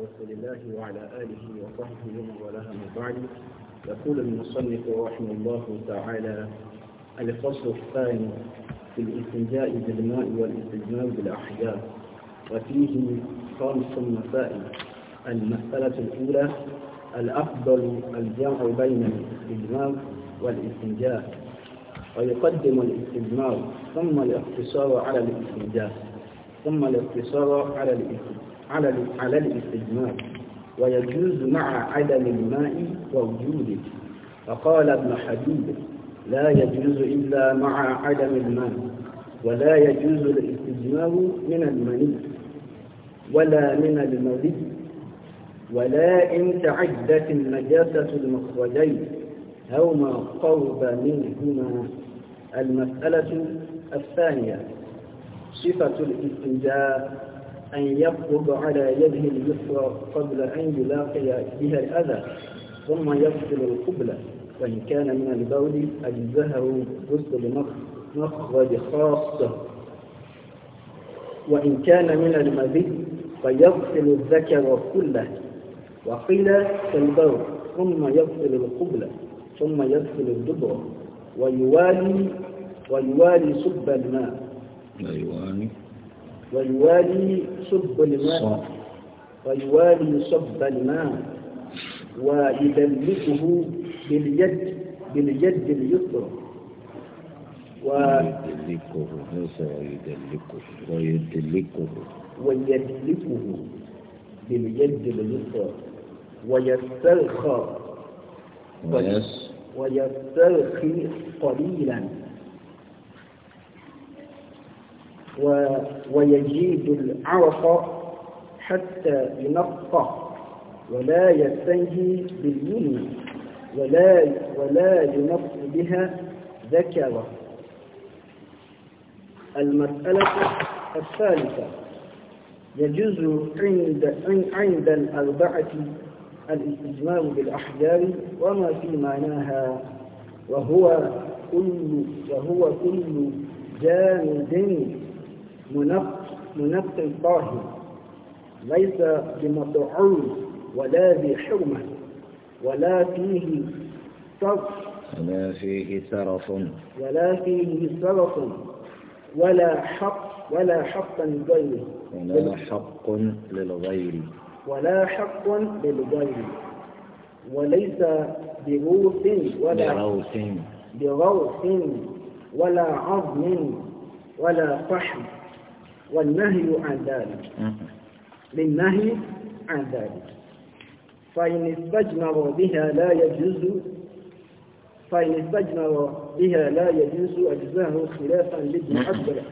رسول الله وعلى آله وصحبه ومن والاه من بعد يقول المصنف رحمه الله تعالى الفصل الثاني في الاستنجاء بالماء والاستجمام بالأحجار وفيه خمس مسائل المسألة الأولى الأفضل الجمع بين الاستجمام والاستنجاء ويقدم الاستجمام ثم الاقتصار على الاستنجاء ثم الاقتصار على الاستجمام على على الاستجمار ويجوز مع عدم الماء ووجوده فقال ابن حبيب لا يجوز إلا مع عدم الماء ولا يجوز الاستجمام من المني ولا من المذي ولا إن تعدت النجاسة المخرجين أو ما قرب منهما المسألة الثانية صفة الاستنجاء أن يقبض على يده اليسرى قبل أن يلاقي بها الأذى ثم يغسل القبلة وإن كان من البول أجزهه غسل مخرج خاصة وإن كان من المذي فيغسل الذكر كله وقيل كالبول ثم يغسل القبلة ثم يغسل الدبر ويوالي ويوالي سب الماء لا يوالي ويوالي صب الماء ويوالي صب الماء ويدلكه باليد باليد اليسرى و... ويدلكه ليس ويدلكه ويدلكه ويدلكه باليد اليسرى ويسترخى ويسترخي قليلا ويجيد العرق حتى ينقى ولا يستنجي باليمنى ولا ولا ينقى بها ذكره المسألة الثالثة يجوز عند عند الأربعة الاستجماع بالأحجار وما في معناها وهو كل وهو كل جامد بنفس طاهر ليس بمطعوم ولا بحرمة ولا فيه صرف ولا فيه سرف ولا فيه سرف ولا حق ولا حق للغير ولا حق للغير ولا حق للغير وليس بروث ولا بروث بروث ولا عظم ولا فحم والنهي عن ذلك للنهي عن ذلك فإن استجمر بها لا يجوز فإن استجمر بها لا يجوز أجزاه خلافا لابن عبد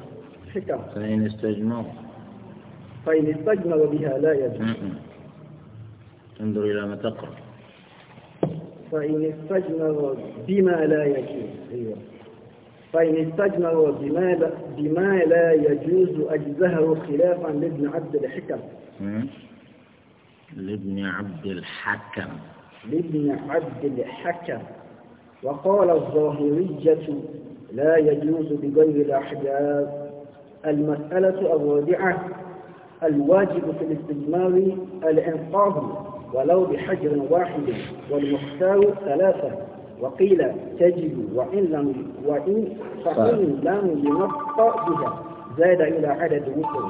الحكم فإن استجمر فإن استجمر بها لا يجوز انظر إلى ما تقرأ فإن استجمر بما لا يجوز أيوه فإن استجمعوا بما لا, بما لا يجوز أجزه خلافا لابن عبد الحكم لابن عبد الحكم لابن عبد الحكم وقال الظاهرية لا يجوز بغير الأحجاب المسألة الرابعة الواجب في الاستجمار الإنقاذ ولو بحجر واحد والمختار ثلاثة وقيل تجد وإن لم وإن فإن لم ينطق بها زاد إلى عدد وسر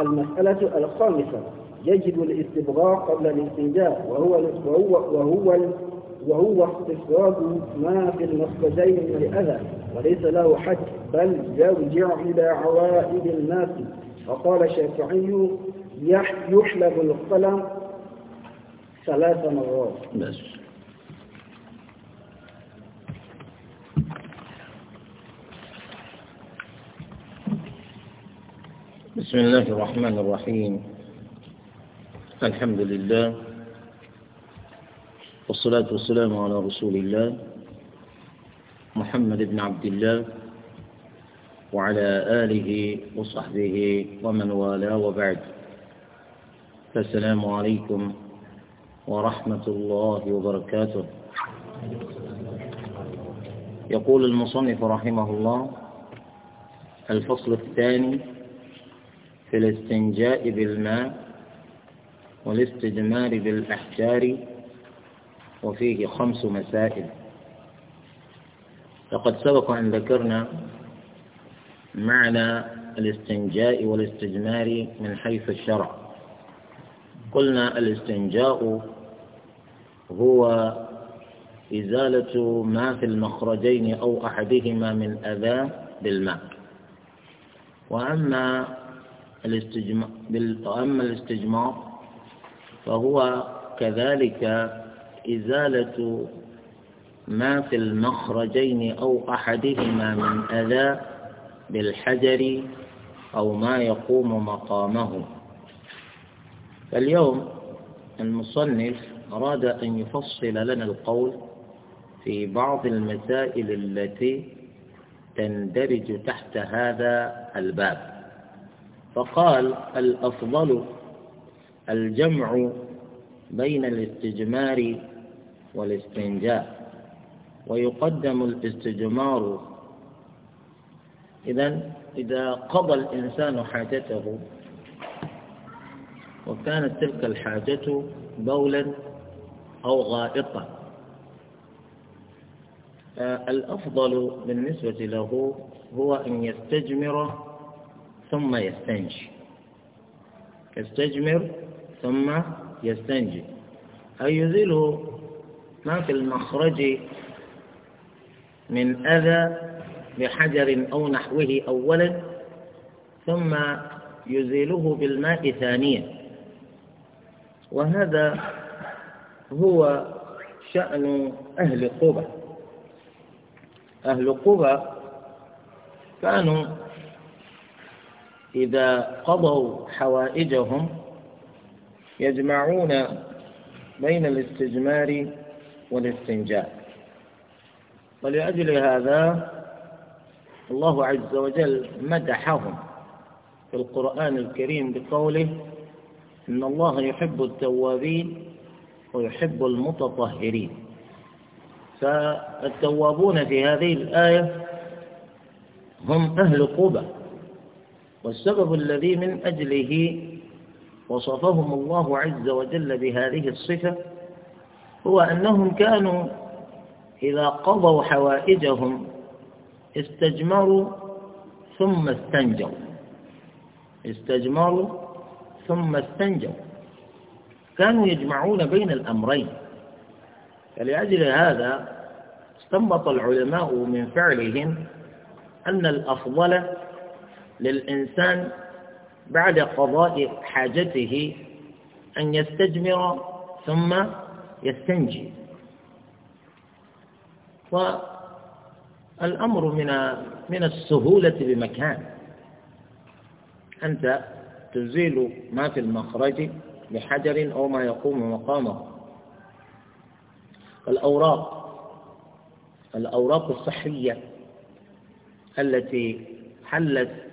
المسألة الخامسة يجب الاستبغاء قبل الاستنجاء وهو وهو وهو وهو استفراد ما في المخرجين من الأذى وليس له حد بل يرجع إلى عوائد الناس وقال الشافعي يحلب القلم ثلاث مرات. بسم الله الرحمن الرحيم الحمد لله والصلاة والسلام على رسول الله محمد بن عبد الله وعلى آله وصحبه ومن والاه وبعد فالسلام عليكم ورحمة الله وبركاته يقول المصنف رحمه الله الفصل الثاني في الاستنجاء بالماء والاستجمار بالأحجار وفيه خمس مسائل لقد سبق أن ذكرنا معنى الاستنجاء والاستجمار من حيث الشرع قلنا الاستنجاء هو إزالة ما في المخرجين أو أحدهما من أذى بالماء وأما الاستجمار وأما الاستجمار فهو كذلك إزالة ما في المخرجين أو أحدهما من أذى بالحجر أو ما يقوم مقامه فاليوم المصنف أراد أن يفصل لنا القول في بعض المسائل التي تندرج تحت هذا الباب فقال الأفضل الجمع بين الاستجمار والاستنجاء ويقدم الاستجمار إذا إذا قضى الإنسان حاجته وكانت تلك الحاجة بولا أو غائطا آه، الأفضل بالنسبة له هو أن يستجمر ثم يستنجي يستجمر ثم يستنجي أي يزيله ما في المخرج من أذى بحجر أو نحوه أولا ثم يزيله بالماء ثانيا وهذا هو شأن أهل قبى أهل قبى كانوا إذا قضوا حوائجهم يجمعون بين الاستجمار والاستنجاء ولأجل هذا الله عز وجل مدحهم في القرآن الكريم بقوله إن الله يحب التوابين ويحب المتطهرين فالتوابون في هذه الآية هم أهل قبة والسبب الذي من أجله وصفهم الله عز وجل بهذه الصفة هو أنهم كانوا إذا قضوا حوائجهم استجمروا ثم استنجوا استجمروا ثم استنجوا كانوا يجمعون بين الأمرين فلأجل هذا استنبط العلماء من فعلهم أن الأفضل للإنسان بعد قضاء حاجته أن يستجمر ثم يستنجي والأمر من من السهولة بمكان أنت تزيل ما في المخرج بحجر أو ما يقوم مقامه الأوراق الأوراق الصحية التي حلت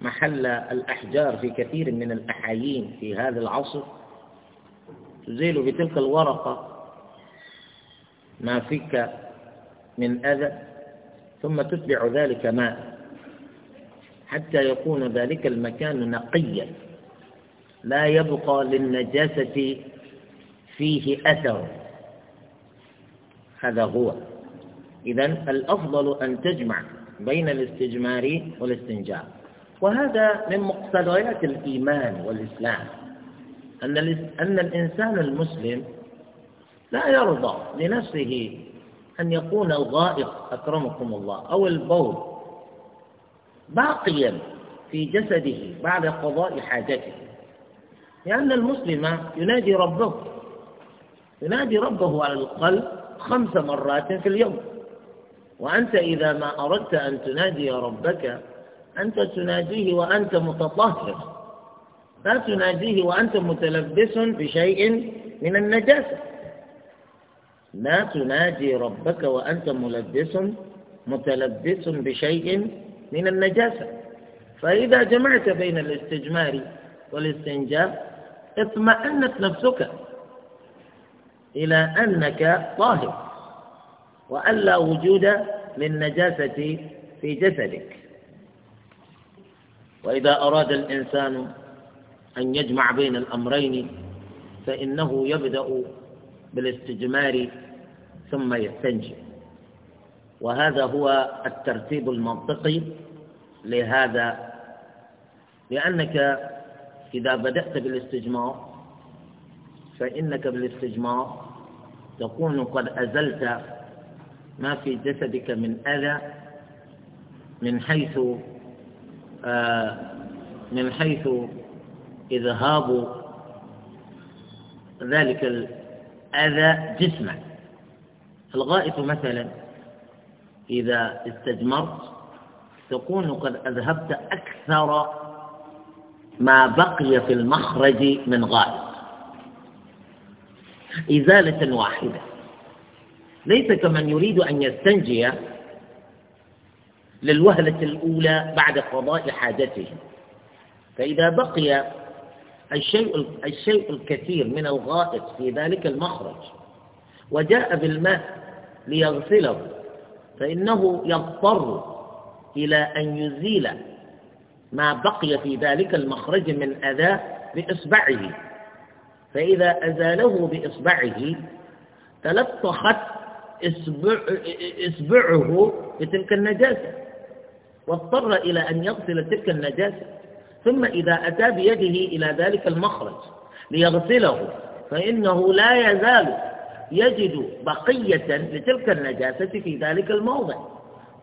محل الأحجار في كثير من الأحايين في هذا العصر تزيل بتلك الورقة ما فيك من أذى ثم تتبع ذلك ماء حتى يكون ذلك المكان نقيا لا يبقى للنجاسة فيه أثر هذا هو إذا الأفضل أن تجمع بين الاستجمار والاستنجاب وهذا من مقتضيات الإيمان والإسلام أن أن الإنسان المسلم لا يرضى لنفسه أن يكون الغائط أكرمكم الله أو البول باقيا في جسده بعد قضاء حاجته لأن المسلم ينادي ربه ينادي ربه على القلب خمس مرات في اليوم وأنت إذا ما أردت أن تنادي ربك أنت تناديه وأنت متطهر لا تناديه وأنت متلبس بشيء من النجاسة لا تنادي ربك وأنت ملبس متلبس بشيء من النجاسة فإذا جمعت بين الاستجمار والاستنجاء اطمأنت نفسك إلى أنك طاهر وأن لا وجود للنجاسة في جسدك وإذا أراد الإنسان أن يجمع بين الأمرين فإنه يبدأ بالاستجمار ثم يستنجي وهذا هو الترتيب المنطقي لهذا لأنك إذا بدأت بالاستجمار فإنك بالاستجمار تكون قد أزلت ما في جسدك من أذى من حيث آه، من حيث إذهاب ذلك الأذى جسما الغائط مثلا إذا استجمرت تكون قد أذهبت أكثر ما بقي في المخرج من غائط إزالة واحدة ليس كمن يريد أن يستنجي للوهلة الأولى بعد قضاء حاجته فإذا بقي الشيء الشيء الكثير من الغائط في ذلك المخرج وجاء بالماء ليغسله فإنه يضطر إلى أن يزيل ما بقي في ذلك المخرج من أذى بإصبعه فإذا أزاله بإصبعه تلطخت إصبعه بتلك النجاسة واضطر إلى أن يغسل تلك النجاسة ثم إذا أتى بيده إلى ذلك المخرج ليغسله فإنه لا يزال يجد بقية لتلك النجاسة في ذلك الموضع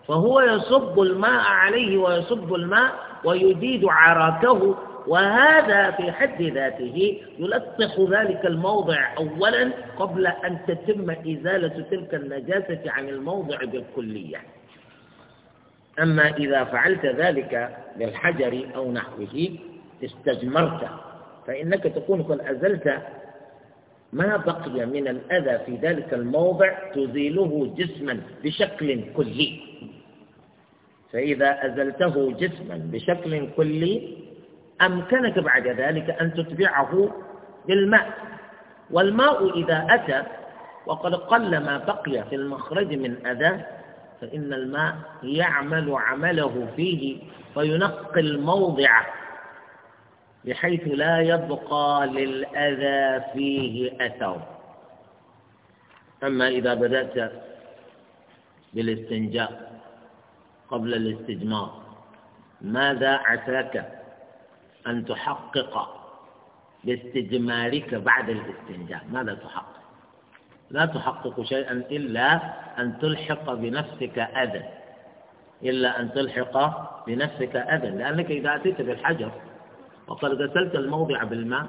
فهو يصب الماء عليه ويصب الماء ويجيد عراكه وهذا في حد ذاته يلطخ ذلك الموضع أولا قبل أن تتم إزالة تلك النجاسة عن الموضع بالكلية أما إذا فعلت ذلك للحجر أو نحوه استجمرت فإنك تكون قد أزلت ما بقي من الأذى في ذلك الموضع تزيله جسما بشكل كلي فإذا أزلته جسما بشكل كلي أمكنك بعد ذلك أن تتبعه بالماء والماء إذا أتى وقد قل ما بقي في المخرج من أذى فإن الماء يعمل عمله فيه فينقل موضعه بحيث لا يبقى للأذى فيه أثر أما إذا بدأت بالاستنجاء قبل الاستجمار ماذا عساك أن تحقق باستجمارك بعد الاستنجاء ماذا تحقق لا تحقق شيئا إلا أن تلحق بنفسك أذى إلا أن تلحق بنفسك أذى لأنك إذا أتيت بالحجر وقد غسلت الموضع بالماء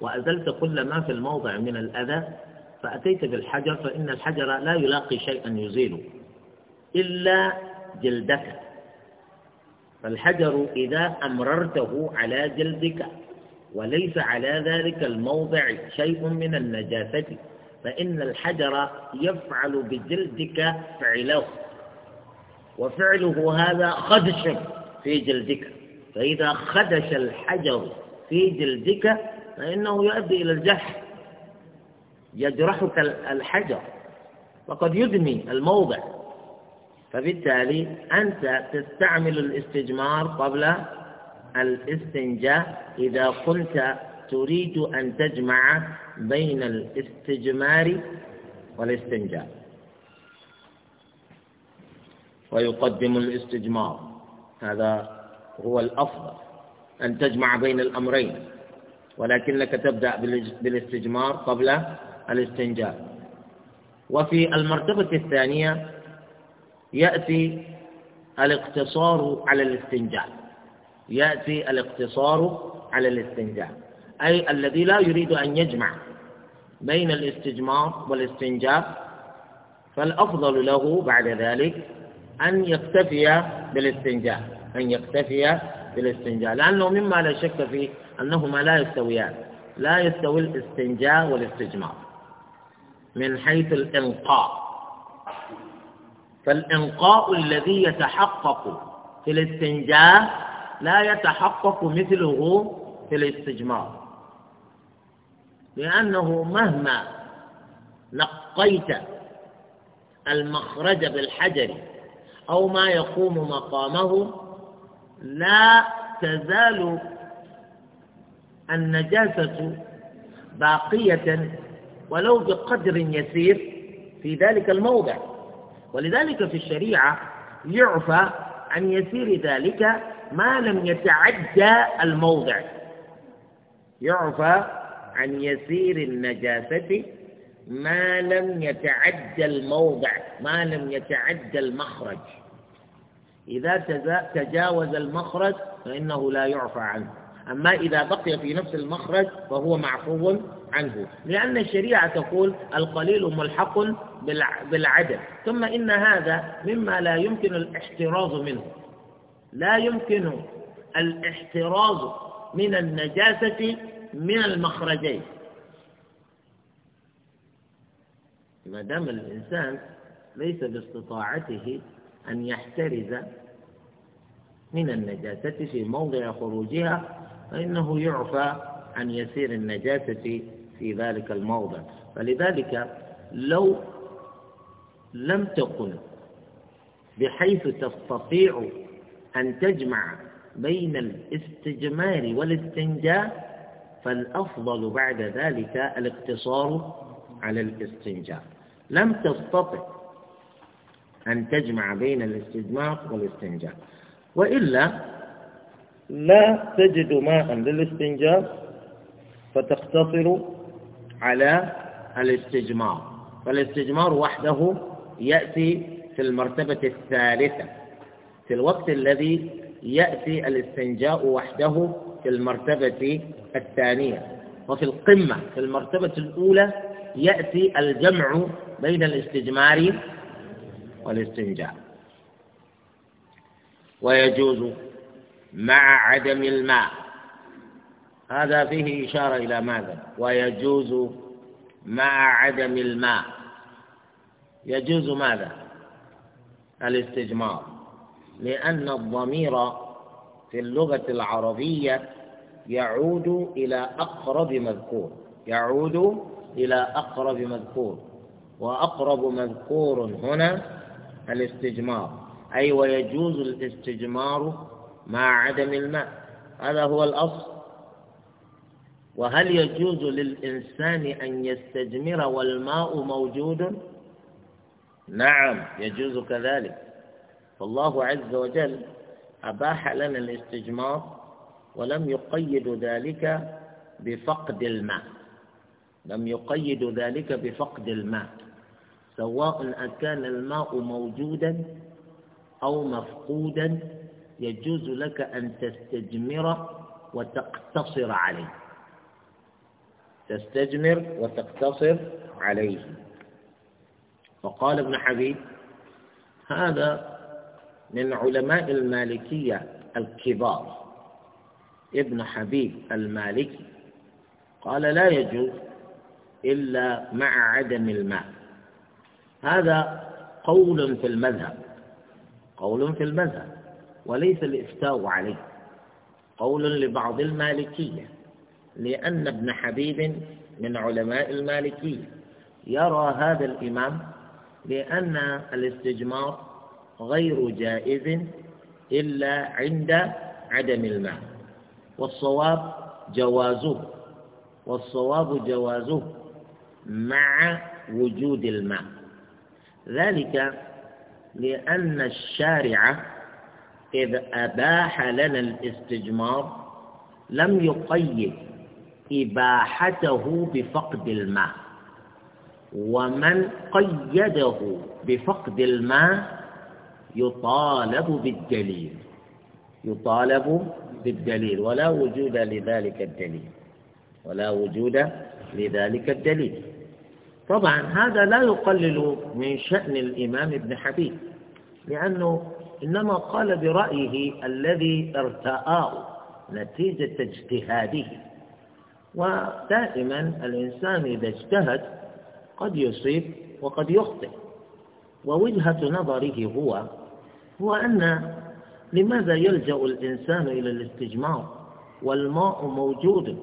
وأزلت كل ما في الموضع من الأذى فأتيت بالحجر فإن الحجر لا يلاقي شيئا يزيله إلا جلدك فالحجر إذا أمررته على جلدك وليس على ذلك الموضع شيء من النجاسة فإن الحجر يفعل بجلدك فعله وفعله هذا خدش في جلدك فإذا خدش الحجر في جلدك فإنه يؤدي إلى الجرح يجرحك الحجر وقد يدمي الموضع فبالتالي أنت تستعمل الاستجمار قبل الاستنجاء إذا كنت تريد أن تجمع بين الاستجمار والاستنجاء ويقدم الاستجمار هذا هو الأفضل أن تجمع بين الأمرين ولكنك تبدأ بالاستجمار قبل الاستنجاء وفي المرتبة الثانية يأتي الاقتصار على الاستنجاء يأتي الاقتصار على الاستنجاء أي الذي لا يريد أن يجمع بين الاستجمار والاستنجاب فالأفضل له بعد ذلك أن يكتفي بالاستنجاء أن يكتفي بالاستنجاء لأنه مما لا شك فيه أنهما لا يستويان لا يستوي الاستنجاء والاستجمار من حيث الإنقاء فالإنقاء الذي يتحقق في الاستنجاء لا يتحقق مثله في الاستجمار لأنه مهما نقيت المخرج بالحجر أو ما يقوم مقامه لا تزال النجاسة باقية ولو بقدر يسير في ذلك الموضع ولذلك في الشريعة يعفى عن يسير ذلك ما لم يتعدى الموضع يعفى عن يسير النجاسة ما لم يتعدى الموضع ما لم يتعدى المخرج إذا تجاوز المخرج فإنه لا يعفى عنه أما إذا بقي في نفس المخرج فهو معفو عنه لأن الشريعة تقول القليل ملحق بالعدد ثم إن هذا مما لا يمكن الاحتراز منه لا يمكن الاحتراز من النجاسة من المخرجين ما دام الإنسان ليس باستطاعته أن يحترز من النجاسة في موضع خروجها فإنه يعفى عن يسير النجاسة في ذلك الموضع فلذلك لو لم تكن بحيث تستطيع أن تجمع بين الاستجمار والاستنجاء فالأفضل بعد ذلك الاقتصار على الاستنجاء لم تستطع أن تجمع بين الاستجماق والاستنجاء وإلا لا تجد ماء للاستنجاء فتقتصر على الاستجمار فالاستجمار وحده يأتي في المرتبة الثالثة في الوقت الذي يأتي الاستنجاء وحده في المرتبة الثانية وفي القمة في المرتبة الأولى يأتي الجمع بين الاستجمار والاستنجاء ويجوز مع عدم الماء هذا فيه إشارة إلى ماذا ويجوز مع عدم الماء يجوز ماذا الاستجمار لأن الضمير في اللغة العربية يعود إلى أقرب مذكور يعود إلى أقرب مذكور وأقرب مذكور هنا الاستجمار أي ويجوز الاستجمار مع عدم الماء هذا هو الأصل وهل يجوز للإنسان أن يستجمر والماء موجود؟ نعم يجوز كذلك فالله عز وجل أباح لنا الاستجمار ولم يقيد ذلك بفقد الماء لم يقيد ذلك بفقد الماء سواء أكان الماء موجودا أو مفقودا يجوز لك أن تستجمر وتقتصر عليه تستجمر وتقتصر عليه فقال ابن حبيب هذا من علماء المالكية الكبار ابن حبيب المالكي قال لا يجوز إلا مع عدم الماء هذا قول في المذهب قول في المذهب وليس الإفتاء عليه قول لبعض المالكية لأن ابن حبيب من علماء المالكية يرى هذا الإمام لأن الاستجمار غير جائز إلا عند عدم الماء والصواب جوازه والصواب جوازه مع وجود الماء ذلك لأن الشارع إذ أباح لنا الاستجمار لم يقيد إباحته بفقد الماء ومن قيده بفقد الماء يطالب بالدليل يطالب بالدليل ولا وجود لذلك الدليل ولا وجود لذلك الدليل طبعا هذا لا يقلل من شأن الإمام ابن حبيب لأنه إنما قال برأيه الذي ارتآه نتيجة اجتهاده ودائما الإنسان إذا اجتهد قد يصيب وقد يخطئ ووجهة نظره هو هو أن لماذا يلجأ الإنسان إلى الاستجمار والماء موجود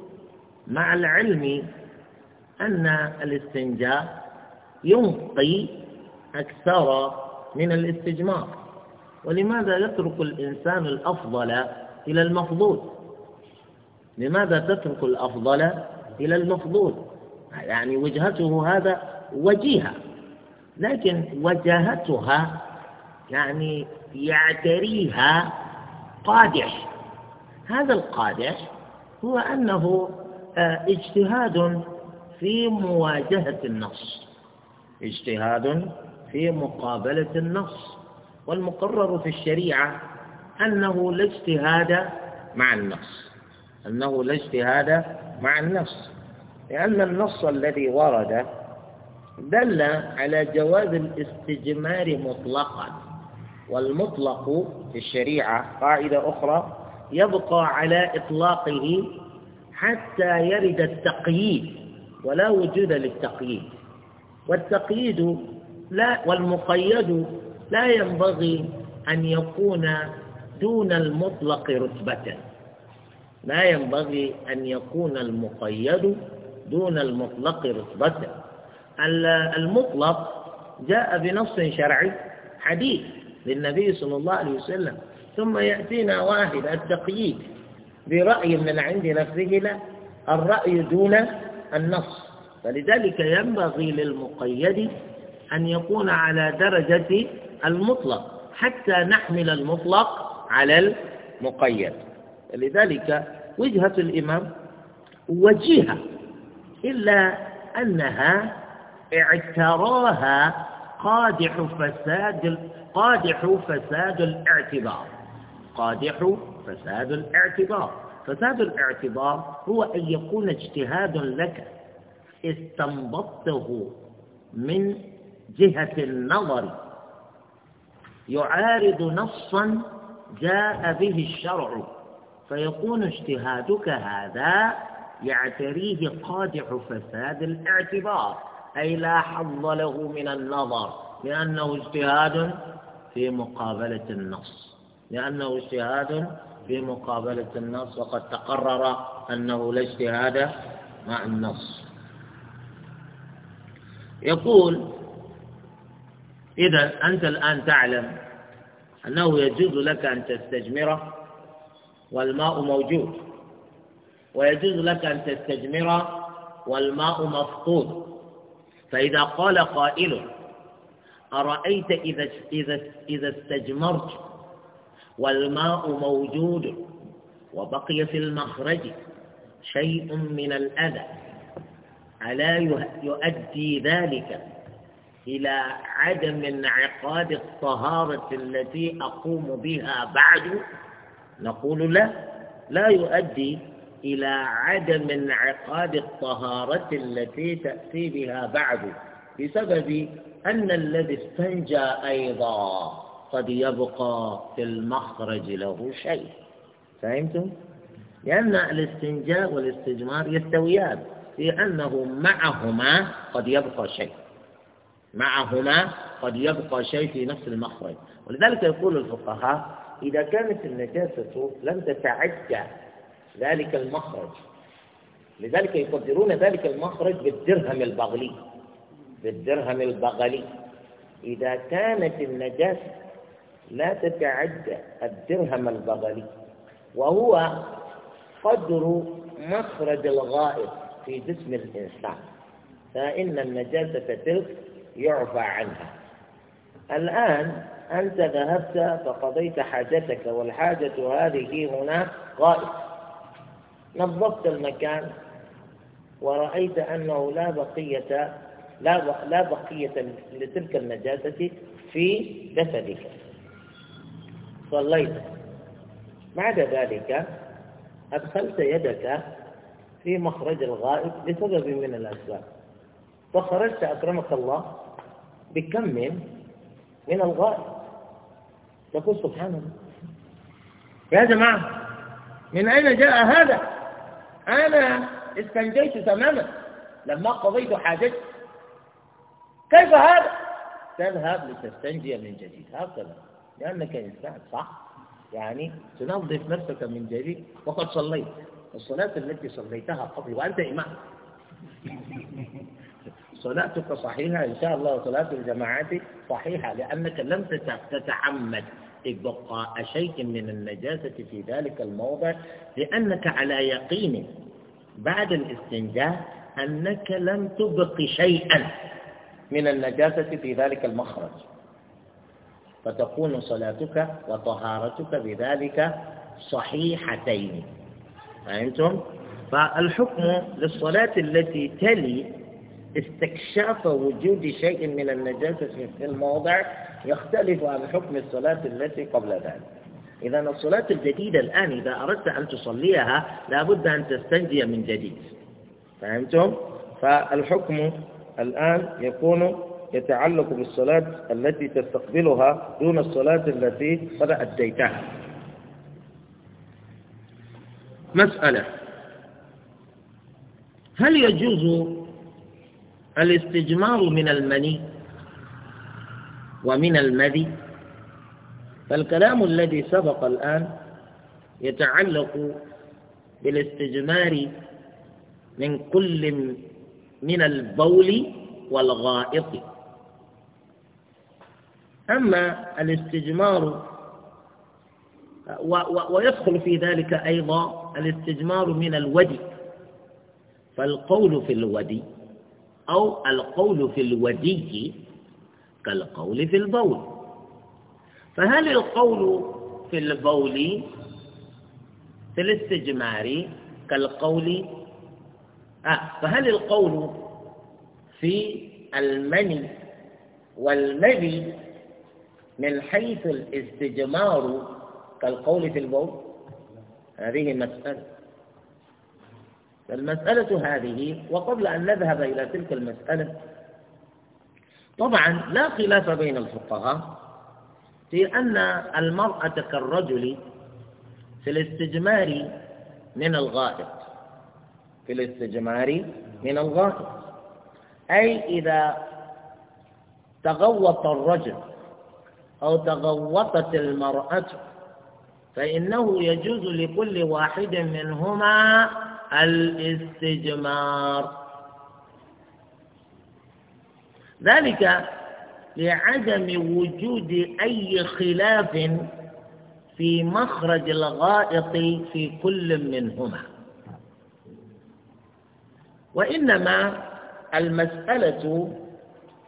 مع العلم أن الاستنجاء ينقي أكثر من الاستجمار ولماذا يترك الإنسان الأفضل إلى المفضول لماذا تترك الأفضل إلى المفضول يعني وجهته هذا وجيهة لكن وجاهتها يعني يعتريها قادح هذا القادح هو أنه آه، اجتهاد في مواجهة النص اجتهاد في مقابلة النص والمقرر في الشريعة أنه لا اجتهاد مع النص أنه لا اجتهاد مع النص لأن النص الذي ورد دل على جواز الاستجمار مطلقا والمطلق في الشريعة قاعدة أخرى يبقى على إطلاقه حتى يرد التقييد ولا وجود للتقييد والتقييد لا والمقيد لا ينبغي أن يكون دون المطلق رتبة لا ينبغي أن يكون المقيد دون المطلق رتبة المطلق جاء بنص شرعي حديث للنبي صلى الله عليه وسلم ثم يأتينا واحد التقييد برأي من عند نفسه لا الرأي دون النص فلذلك ينبغي للمقيد أن يكون على درجة المطلق حتى نحمل المطلق على المقيد لذلك وجهة الإمام وجيهة إلا أنها اعتراها قادح فساد قادح فساد الاعتبار قادح فساد الاعتبار فساد الاعتبار هو أن يكون اجتهاد لك استنبطته من جهة النظر يعارض نصا جاء به الشرع فيكون اجتهادك هذا يعتريه قادح فساد الاعتبار أي لا حظ له من النظر لأنه اجتهاد في مقابلة النص لأنه اجتهاد في مقابلة النص وقد تقرر أنه لا اجتهاد مع النص يقول إذا أنت الآن تعلم أنه يجوز لك أن تستجمره والماء موجود ويجوز لك أن تستجمره والماء مفقود فإذا قال قائل أرأيت إذا إذا إذا استجمرت والماء موجود وبقي في المخرج شيء من الأذى ألا يؤدي ذلك إلى عدم انعقاد الطهارة التي أقوم بها بعد نقول لا لا يؤدي إلى عدم انعقاد الطهارة التي تأتي بها بعد بسبب أن الذي استنجى أيضا قد يبقى في المخرج له شيء فهمتم؟ لأن الاستنجاء والاستجمار يستويان في أنه معهما قد يبقى شيء معهما قد يبقى شيء في نفس المخرج ولذلك يقول الفقهاء إذا كانت النجاسة لم تتعدى ذلك المخرج لذلك يقدرون ذلك المخرج بالدرهم البغلي بالدرهم البغلي إذا كانت النجاسة لا تتعدى الدرهم البغلي وهو قدر مخرج الغائط في جسم الإنسان فإن النجاسة تلك يعفى عنها الآن أنت ذهبت فقضيت حاجتك والحاجة هذه هنا غائط نظفت المكان ورأيت أنه لا بقية لا لا بقية لتلك النجاسة في جسدك صليت بعد ذلك أدخلت يدك في مخرج الغائب لسبب من الأسباب فخرجت أكرمك الله بكم من الغائب تقول سبحان الله يا جماعة من أين جاء هذا؟ أنا استنجيت تماما لما قضيت حاجتي كيف هذا؟ تذهب لتستنجي من جديد هكذا لأنك إنسان صح يعني تنظف نفسك من جديد وقد صليت الصلاة التي صليتها قبل وأنت إمام صلاتك صحيحة إن شاء الله صلاة الجماعات صحيحة لأنك لم تتعمد إبقاء شيء من النجاسة في ذلك الموضع لأنك على يقين بعد الاستنجاء أنك لم تبق شيئا من النجاسة في ذلك المخرج فتكون صلاتك وطهارتك بذلك صحيحتين فهمتم؟ فالحكم للصلاة التي تلي استكشاف وجود شيء من النجاسة في الموضع يختلف عن حكم الصلاة التي قبل ذلك إذا الصلاة الجديدة الآن إذا أردت أن تصليها لابد أن تستنجي من جديد فهمتم؟ فالحكم الآن يكون يتعلق بالصلاة التي تستقبلها دون الصلاة التي قد أديتها مسألة هل يجوز الاستجمار من المني ومن المذي فالكلام الذي سبق الآن يتعلق بالاستجمار من كل من البول والغائط أما الاستجمار ويدخل في ذلك أيضا الاستجمار من الودي فالقول في الودي أو القول في الودي كالقول في البول فهل القول في البول في الاستجمار كالقول آه فهل القول في المني والمذي من حيث الاستجمار كالقول في البول هذه مسألة فالمسألة هذه وقبل أن نذهب إلى تلك المسألة طبعا لا خلاف بين الفقهاء في أن المرأة كالرجل في الاستجمار من الغائط في الاستجمار من الغائط أي إذا تغوط الرجل أو تغوطت المرأة فإنه يجوز لكل واحد منهما الاستجمار ذلك لعدم وجود أي خلاف في مخرج الغائط في كل منهما وإنما المسألة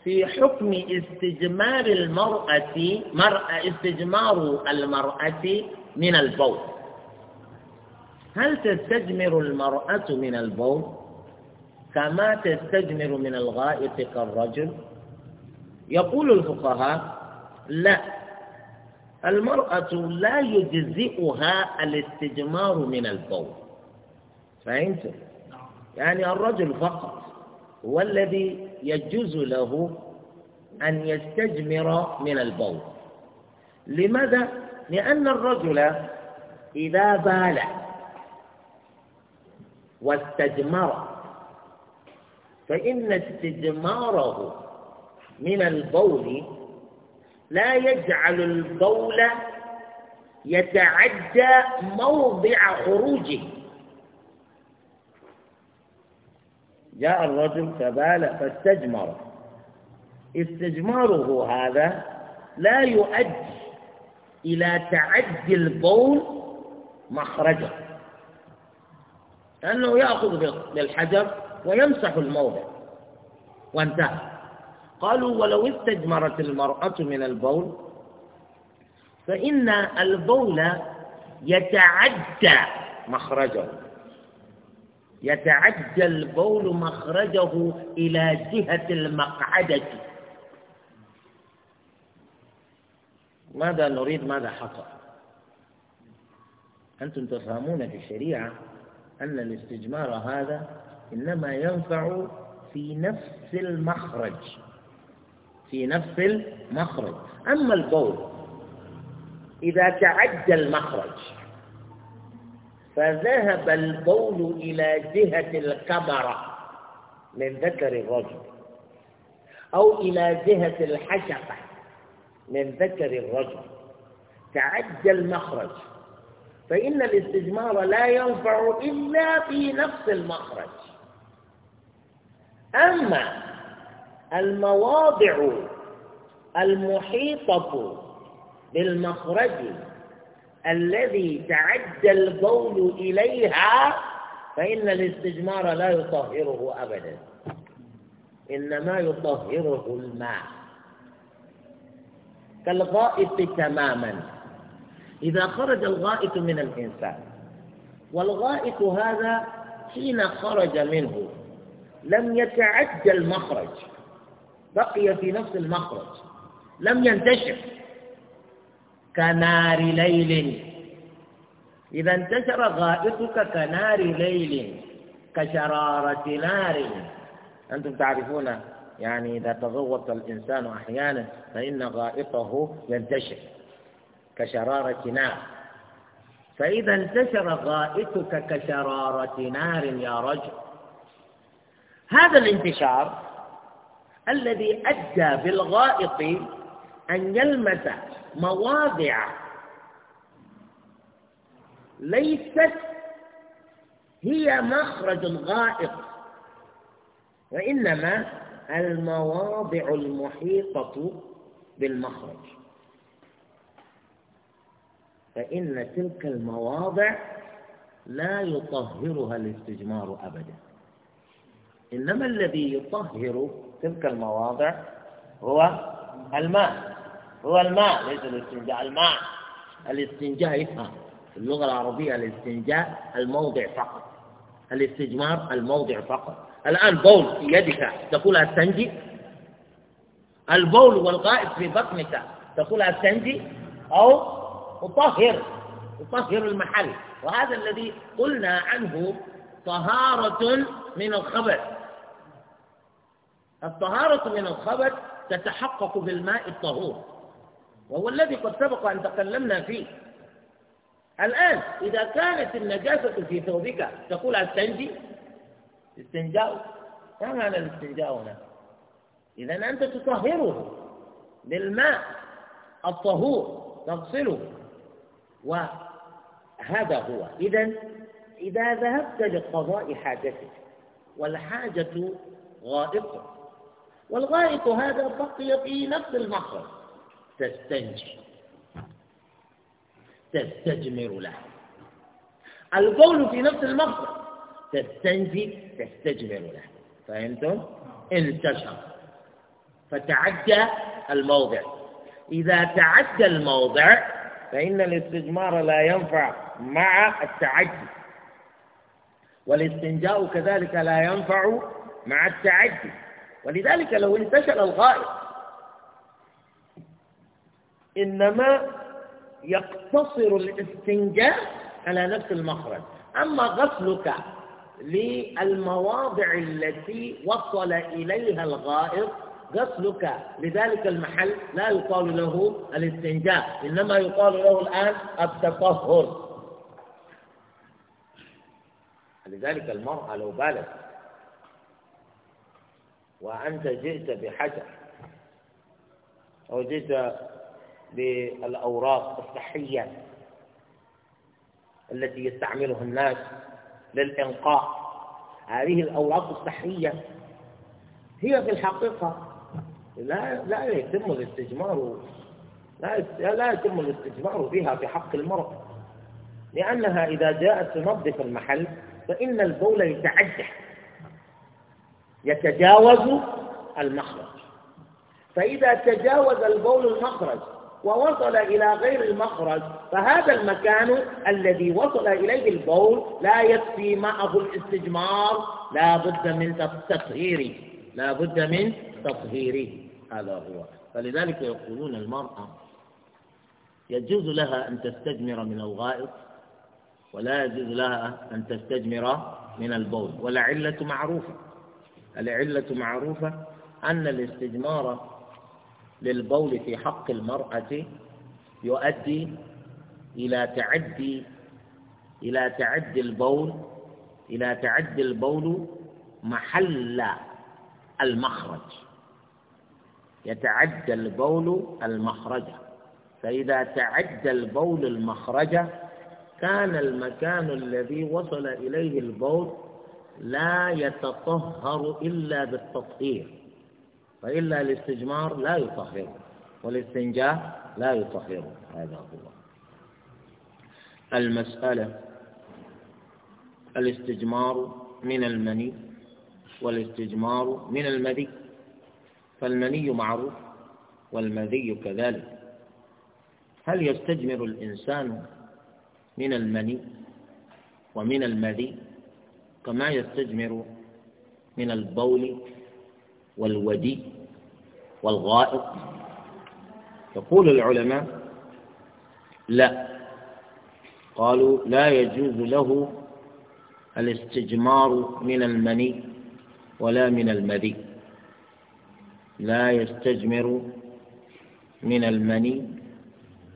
في حكم استجمار المرأة مرأة استجمار المرأة من البول هل تستجمر المرأة من البول كما تستجمر من الغائط كالرجل يقول الفقهاء لا المرأة لا يجزئها الاستجمار من البول فهمت؟ يعني الرجل فقط هو الذي يجوز له أن يستجمر من البول لماذا؟ لأن الرجل إذا بال واستجمر فإن استجماره من البول لا يجعل البول يتعدى موضع خروجه جاء الرجل فبال فاستجمر استجماره هذا لا يؤدي إلى تعدي البول مخرجه لأنه يأخذ بالحجر ويمسح الموضع وانتهى قالوا ولو استجمرت المرأة من البول فإن البول يتعدى مخرجه يتعدى البول مخرجه إلى جهة المقعدة ماذا نريد ماذا حصل أنتم تفهمون في الشريعة أن الاستجمار هذا إنما ينفع في نفس المخرج في نفس المخرج أما البول إذا تعدى المخرج فذهب البول إلى جهة الكبرة من ذكر الرجل أو إلى جهة الحشقة من ذكر الرجل تعدى المخرج فإن الاستجمار لا ينفع إلا في نفس المخرج أما المواضع المحيطة بالمخرج الذي تعدى البول إليها فإن الاستجمار لا يطهره أبدا إنما يطهره الماء كالغائط تماما إذا خرج الغائط من الإنسان والغائط هذا حين خرج منه لم يتعدى المخرج بقي في نفس المخرج لم ينتشر كنار ليل إذا انتشر غائطك كنار ليل كشرارة نار أنتم تعرفون يعني إذا تغوط الإنسان أحيانا فإن غائطه ينتشر كشرارة نار فإذا انتشر غائطك كشرارة نار يا رجل هذا الانتشار الذي أدى بالغائط أن يلمس مواضع ليست هي مخرج الغائط وإنما المواضع المحيطة بالمخرج فإن تلك المواضع لا يطهرها الاستجمار أبداً إنما الذي يطهر تلك المواضع هو الماء هو الماء ليس الاستنجاء الماء الاستنجاء يفهم في اللغة العربية الاستنجاء الموضع فقط الاستجمار الموضع فقط الآن بول في يدك تقول أستنجي البول والغائط في بطنك تقول أستنجي أو أطهر أطهر المحل وهذا الذي قلنا عنه طهارة من الخبث الطهارة من الخبث تتحقق بالماء الطهور وهو الذي قد سبق أن تكلمنا فيه الآن إذا كانت النجاسة في ثوبك تقول أستنجي استنجاء ما معنى الاستنجاء هنا؟ إذا أنت تطهره بالماء الطهور تغسله وهذا هو إذا إذا ذهبت لقضاء حاجتك والحاجة غائبة والغائط هذا بقي في نفس المخرج تستنجي تستجمر له البول في نفس المخرج تستنجي تستجمر له فهمتم؟ انتشر فتعدى الموضع إذا تعدى الموضع فإن الاستجمار لا ينفع مع التعدي والاستنجاء كذلك لا ينفع مع التعدي ولذلك لو انتشل الغائب إنما يقتصر الاستنجاء على نفس المخرج أما غسلك للمواضع التي وصل إليها الغائط غسلك لذلك المحل لا يقال له الاستنجاء إنما يقال له الآن التطهر لذلك المرأة لو بالت وأنت جئت بحجر أو جئت بالأوراق الصحية التي يستعملها الناس للإنقاء هذه الأوراق الصحية هي في الحقيقة لا لا يتم الاستجمار لا لا يتم الاستجمار بها في حق المرء لأنها إذا جاءت تنظف المحل فإن البول يتعجح يتجاوز المخرج فإذا تجاوز البول المخرج ووصل إلى غير المخرج فهذا المكان الذي وصل إليه البول لا يكفي معه الاستجمار لا بد من تطهيره لا بد من تطهيره هذا هو فلذلك يقولون المرأة يجوز لها أن تستجمر من الغائط ولا يجوز لها أن تستجمر من البول والعلة معروفة العلة معروفة أن الاستجمار للبول في حق المرأة يؤدي إلى تعدي إلى تعدي البول إلى تعدي البول محل المخرج يتعدى البول المخرج فإذا تعدى البول المخرج كان المكان الذي وصل إليه البول لا يتطهر إلا بالتطهير فإلا الاستجمار لا يطهره والاستنجاء لا يطهره هذا هو المسألة الاستجمار من المني والاستجمار من المذي فالمني معروف والمذي كذلك هل يستجمر الإنسان من المني ومن المذي كما يستجمر من البول والودي والغائط يقول العلماء لا قالوا لا يجوز له الاستجمار من المني ولا من المذي لا يستجمر من المني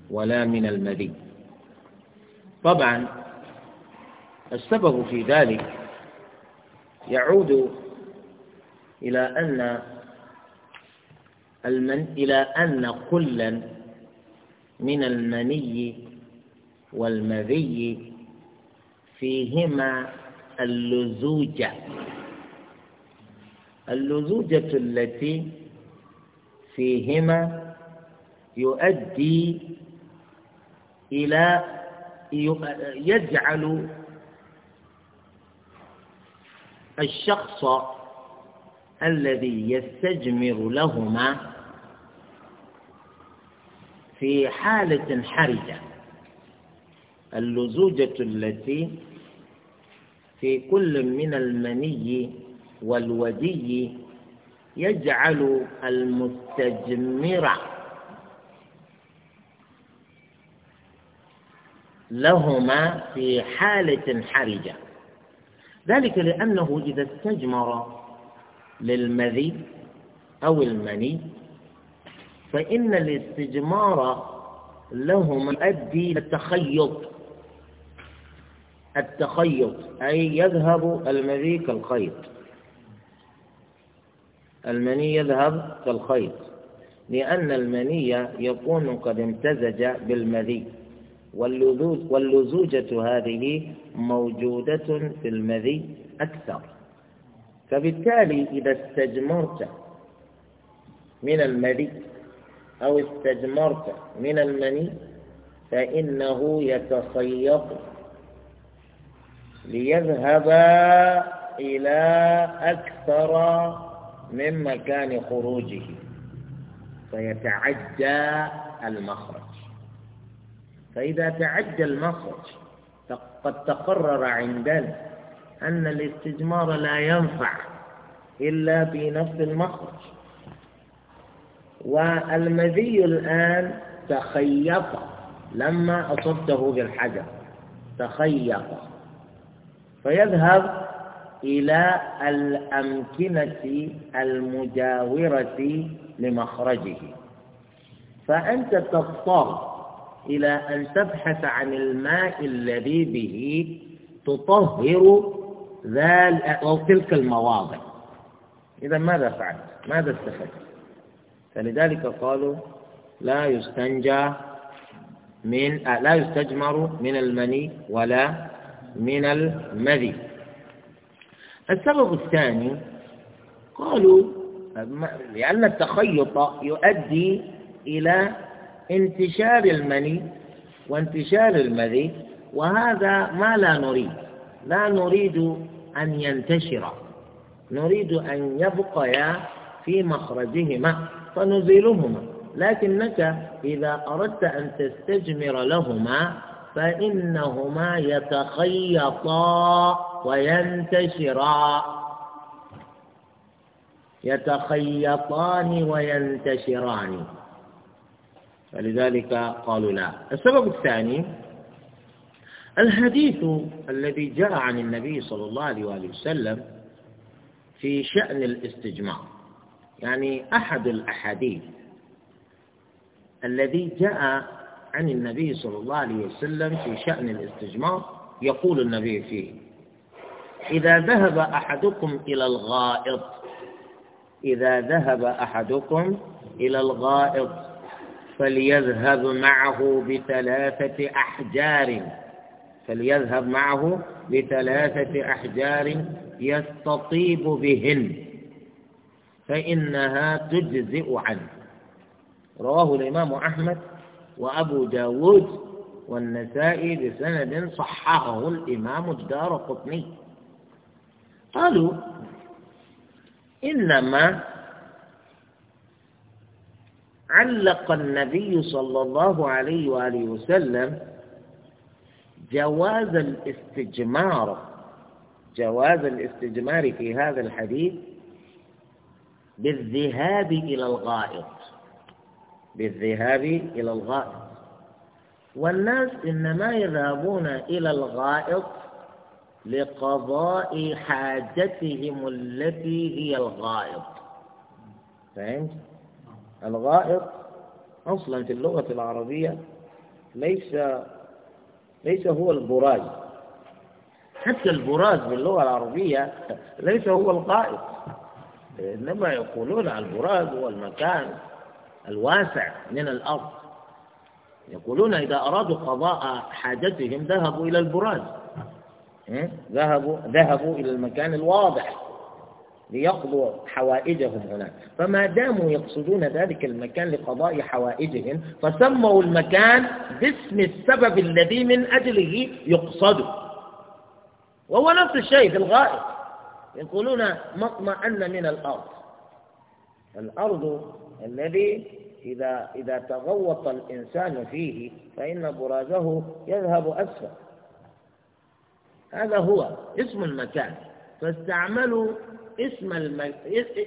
ولا من المذي طبعا السبب في ذلك يعود إلى أن المن إلى أن كلا من المني والمذي فيهما اللزوجة اللزوجة التي فيهما يؤدي إلى يجعل الشخص الذي يستجمر لهما في حالة حرجة اللزوجة التي في كل من المني والودي يجعل المستجمر لهما في حالة حرجة ذلك لأنه إذا استجمر للمذي أو المني فإن الاستجمار لهما يؤدي التخيط التخيط أي يذهب المذي كالخيط المني يذهب كالخيط لأن المني يكون قد امتزج بالمذي واللزوجة هذه موجودة في المذي أكثر فبالتالي إذا استجمرت من المذي أو استجمرت من المني فإنه يتصيب ليذهب إلى أكثر من مكان خروجه فيتعدى المخرج فإذا تعدى المخرج قد تقرر عندنا أن الاستجمار لا ينفع إلا في نفس المخرج والمذي الآن تخيط لما أصبته بالحجر تخيط فيذهب إلى الأمكنة المجاورة لمخرجه فأنت تضطر إلى أن تبحث عن الماء الذي به تطهر أو تلك المواضع إذا ماذا فعل ماذا استفدت؟ فلذلك قالوا لا يستنجى من آه، لا يستجمر من المني ولا من المذي السبب الثاني قالوا لأن التخيط يؤدي إلى انتشار المني وانتشار المذي وهذا ما لا نريد لا نريد أن ينتشر نريد أن يبقيا في مخرجهما فنزيلهما لكنك إذا أردت أن تستجمر لهما فإنهما يتخيطا وينتشرا يتخيطان وينتشران فلذلك قالوا لا السبب الثاني الحديث الذي جاء عن النبي صلى الله عليه وآله وسلم في شأن الاستجمار يعني أحد الأحاديث الذي جاء عن النبي صلى الله عليه وسلم في شأن الاستجمار يقول النبي فيه إذا ذهب أحدكم إلى الغائط إذا ذهب أحدكم إلى الغائط فليذهب معه بثلاثة أحجار فليذهب معه بثلاثة أحجار يستطيب بهن فإنها تجزئ عنه رواه الإمام أحمد وأبو داود والنسائي بسند صححه الإمام الدار قطني قالوا إنما علق النبي صلى الله عليه وآله وسلم جواز الاستجمار جواز الاستجمار في هذا الحديث بالذهاب إلى الغائط بالذهاب إلى الغائط والناس إنما يذهبون إلى الغائط لقضاء حاجتهم التي هي الغائط فهمت؟ الغائط أصلا في اللغة العربية ليس ليس هو البراز حتى البراز باللغة العربية ليس هو الغائط إنما يقولون البراز هو المكان الواسع من الأرض يقولون إذا أرادوا قضاء حاجتهم ذهبوا إلى البراز ذهبوا ذهبوا إلى المكان الواضح ليقضوا حوائجهم هناك فما داموا يقصدون ذلك المكان لقضاء حوائجهم فسموا المكان باسم السبب الذي من أجله يقصد وهو نفس الشيء في الغائط يقولون مطمئن من الأرض الأرض الذي إذا إذا تغوط الإنسان فيه فإن برازه يذهب أسفل هذا هو اسم المكان فاستعملوا اسم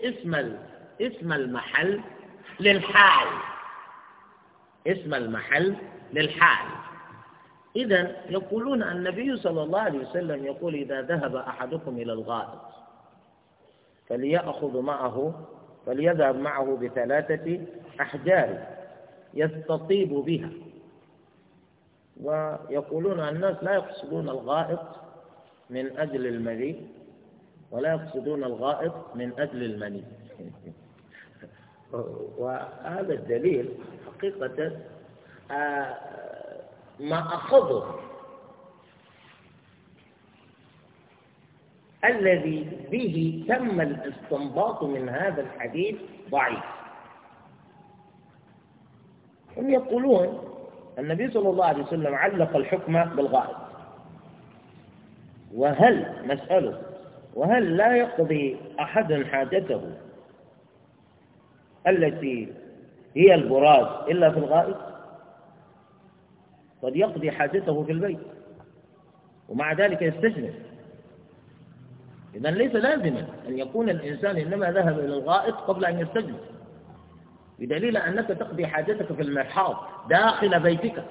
اسم اسم المحل للحال اسم المحل للحال إذا يقولون النبي صلى الله عليه وسلم يقول إذا ذهب أحدكم إلى الغائط فليأخذ معه فليذهب معه بثلاثة أحجار يستطيب بها ويقولون الناس لا يقصدون الغائط من أجل المريء ولا يقصدون الغائط من أجل المني وهذا الدليل حقيقة آه، ما أخذه الذي به تم الاستنباط من هذا الحديث ضعيف هم يقولون النبي صلى الله عليه وسلم علق الحكم بالغائب وهل مسألة وهل لا يقضي أحد حاجته التي هي البراز إلا في الغائب قد يقضي حاجته في البيت ومع ذلك يستجنب إذا ليس لازما أن يكون الإنسان إنما ذهب إلى الغائط قبل أن يستجنب بدليل أنك تقضي حاجتك في المرحاض داخل بيتك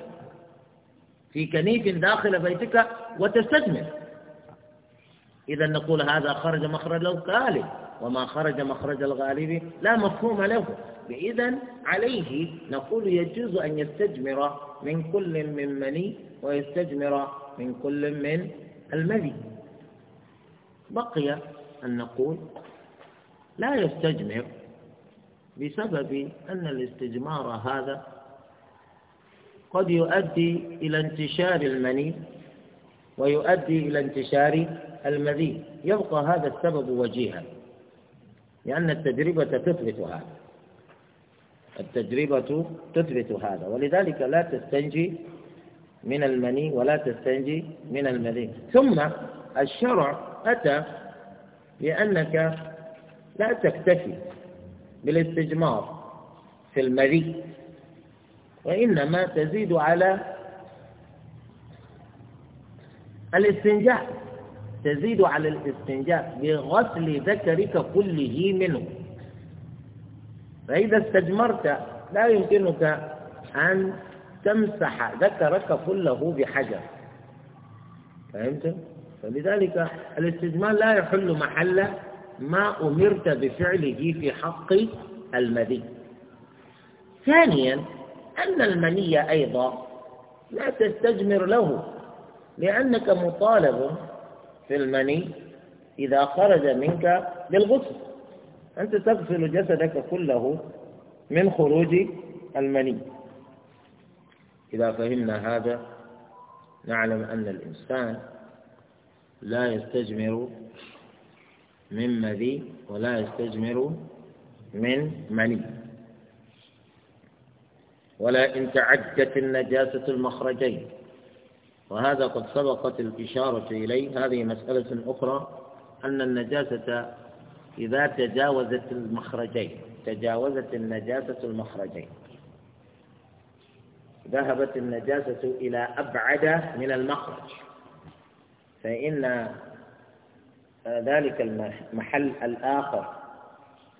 في كنيف داخل بيتك وتستجنب إذا نقول هذا خرج مخرج الغالب وما خرج مخرج الغالب لا مفهوم له إذا عليه نقول يجوز أن يستجمر من كل من مني ويستجمر من كل من الملي بقي أن نقول لا يستجمر بسبب أن الاستجمار هذا قد يؤدي إلى انتشار المني ويؤدي إلى انتشار المذيء يبقى هذا السبب وجيها لأن التجربة تثبت هذا التجربة تثبت هذا ولذلك لا تستنجي من المني ولا تستنجي من المذيء ثم الشرع أتى لأنك لا تكتفي بالاستجمار في المذيء وإنما تزيد على الاستنجاء تزيد على الاستنجاء بغسل ذكرك كله منه فإذا استجمرت لا يمكنك أن تمسح ذكرك كله بحجر فهمت؟ فلذلك الاستجمار لا يحل محل ما أمرت بفعله في حق المذي ثانيا أن المني أيضا لا تستجمر له لأنك مطالب في المني إذا خرج منك بالغسل أنت تغسل جسدك كله من خروج المني إذا فهمنا هذا نعلم أن الإنسان لا يستجمر من مذي ولا يستجمر من مني ولا إن تعدت النجاسة المخرجين وهذا قد سبقت الإشارة إليه هذه مسألة أخرى أن النجاسة إذا تجاوزت المخرجين تجاوزت النجاسة المخرجين ذهبت النجاسة إلى أبعد من المخرج فإن ذلك المحل الآخر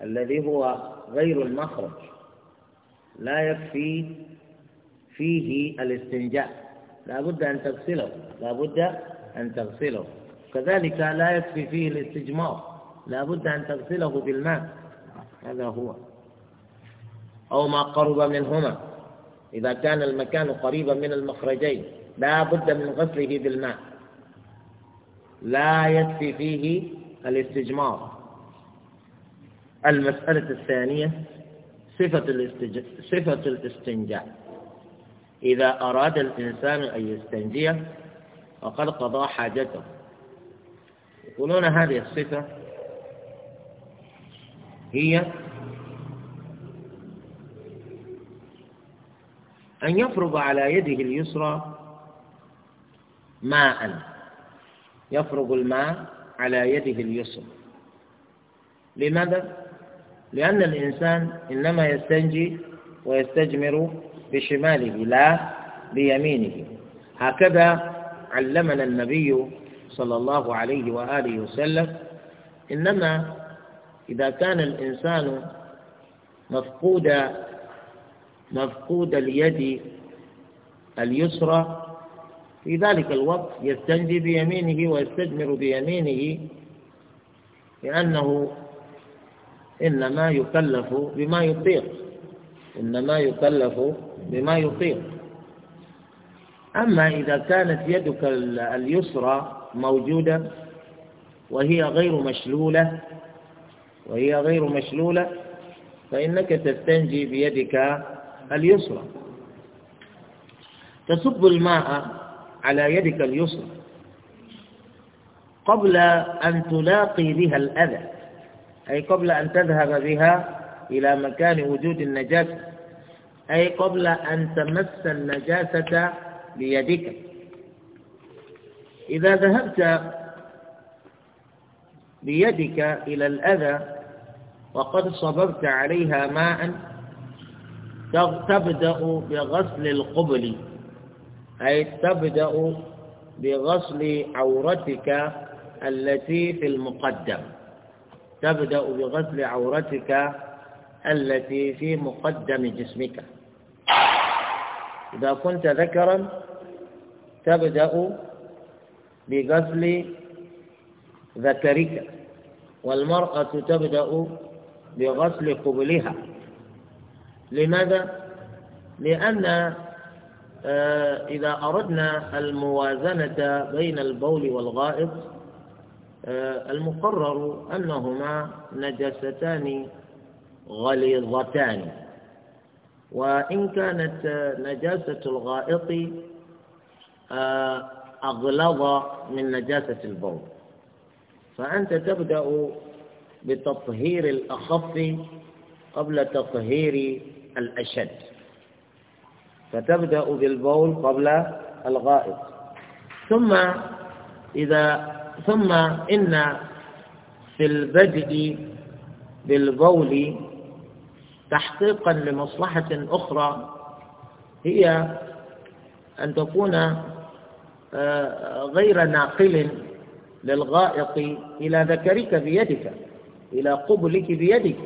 الذي هو غير المخرج لا يكفي فيه الاستنجاء لابد أن تغسله لابد أن تغسله كذلك لا يكفي فيه الاستجمار لابد أن تغسله بالماء هذا هو أو ما قرب منهما إذا كان المكان قريبا من المخرجين لا بد من غسله بالماء لا يكفي فيه الاستجمار المسألة الثانية صفة, الاستج... صفة الاستنجاء إذا أراد الإنسان أن يستنجيه وقد قضى حاجته يقولون هذه الصفة هي أن يفرض على يده اليسرى ماء يفرض الماء على يده اليسرى لماذا؟ لأن الإنسان إنما يستنجي ويستجمر بشماله لا بيمينه هكذا علمنا النبي صلى الله عليه وآله وسلم إنما إذا كان الإنسان مفقود مفقود اليد اليسرى في ذلك الوقت يستنجي بيمينه ويستجمر بيمينه لأنه إنما يكلف بما يطيق إنما يكلف بما يطيق أما إذا كانت يدك اليسرى موجودة وهي غير مشلولة وهي غير مشلولة فإنك تستنجي بيدك اليسرى تصب الماء على يدك اليسرى قبل أن تلاقي بها الأذى أي قبل أن تذهب بها إلى مكان وجود النجاسة أي قبل أن تمس النجاسة بيدك إذا ذهبت بيدك إلى الأذى وقد صببت عليها ماء تبدأ بغسل القبل أي تبدأ بغسل عورتك التي في المقدم تبدأ بغسل عورتك التي في مقدم جسمك إذا كنت ذكرا تبدأ بغسل ذكرك والمرأة تبدأ بغسل قبلها لماذا؟ لأن آه، إذا أردنا الموازنة بين البول والغائط آه، المقرر أنهما نجستان غليظتان وإن كانت نجاسة الغائط آه، أغلظ من نجاسة البول فأنت تبدأ بتطهير الأخف قبل تطهير الأشد فتبدأ بالبول قبل الغائط ثم إذا ثم إن في البدء بالبول تحقيقا لمصلحة أخرى هي أن تكون آه، غير ناقل للغائط إلى ذكرك بيدك إلى قبلك بيدك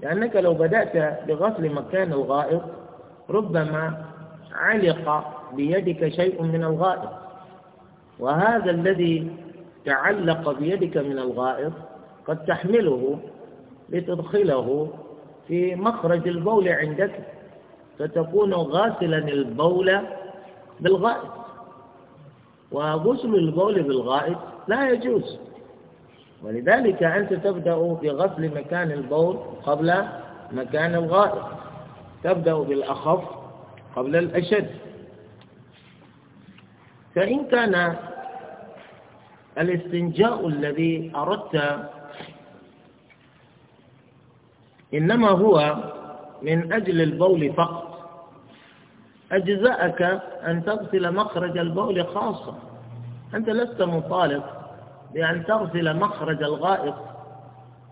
لأنك لو بدأت بغسل مكان الغائط ربما علق بيدك شيء من الغائط وهذا الذي تعلق بيدك من الغائط قد تحمله لتدخله في مخرج البول عندك فتكون غاسلا البول بالغائط وغسل البول بالغائط لا يجوز ولذلك أنت تبدأ بغسل مكان البول قبل مكان الغائط تبدأ بالأخف قبل الأشد فإن كان الاستنجاء الذي أردت إنما هو من أجل البول فقط أجزأك أن تغسل مخرج البول خاصة أنت لست مطالب بأن تغسل مخرج الغائط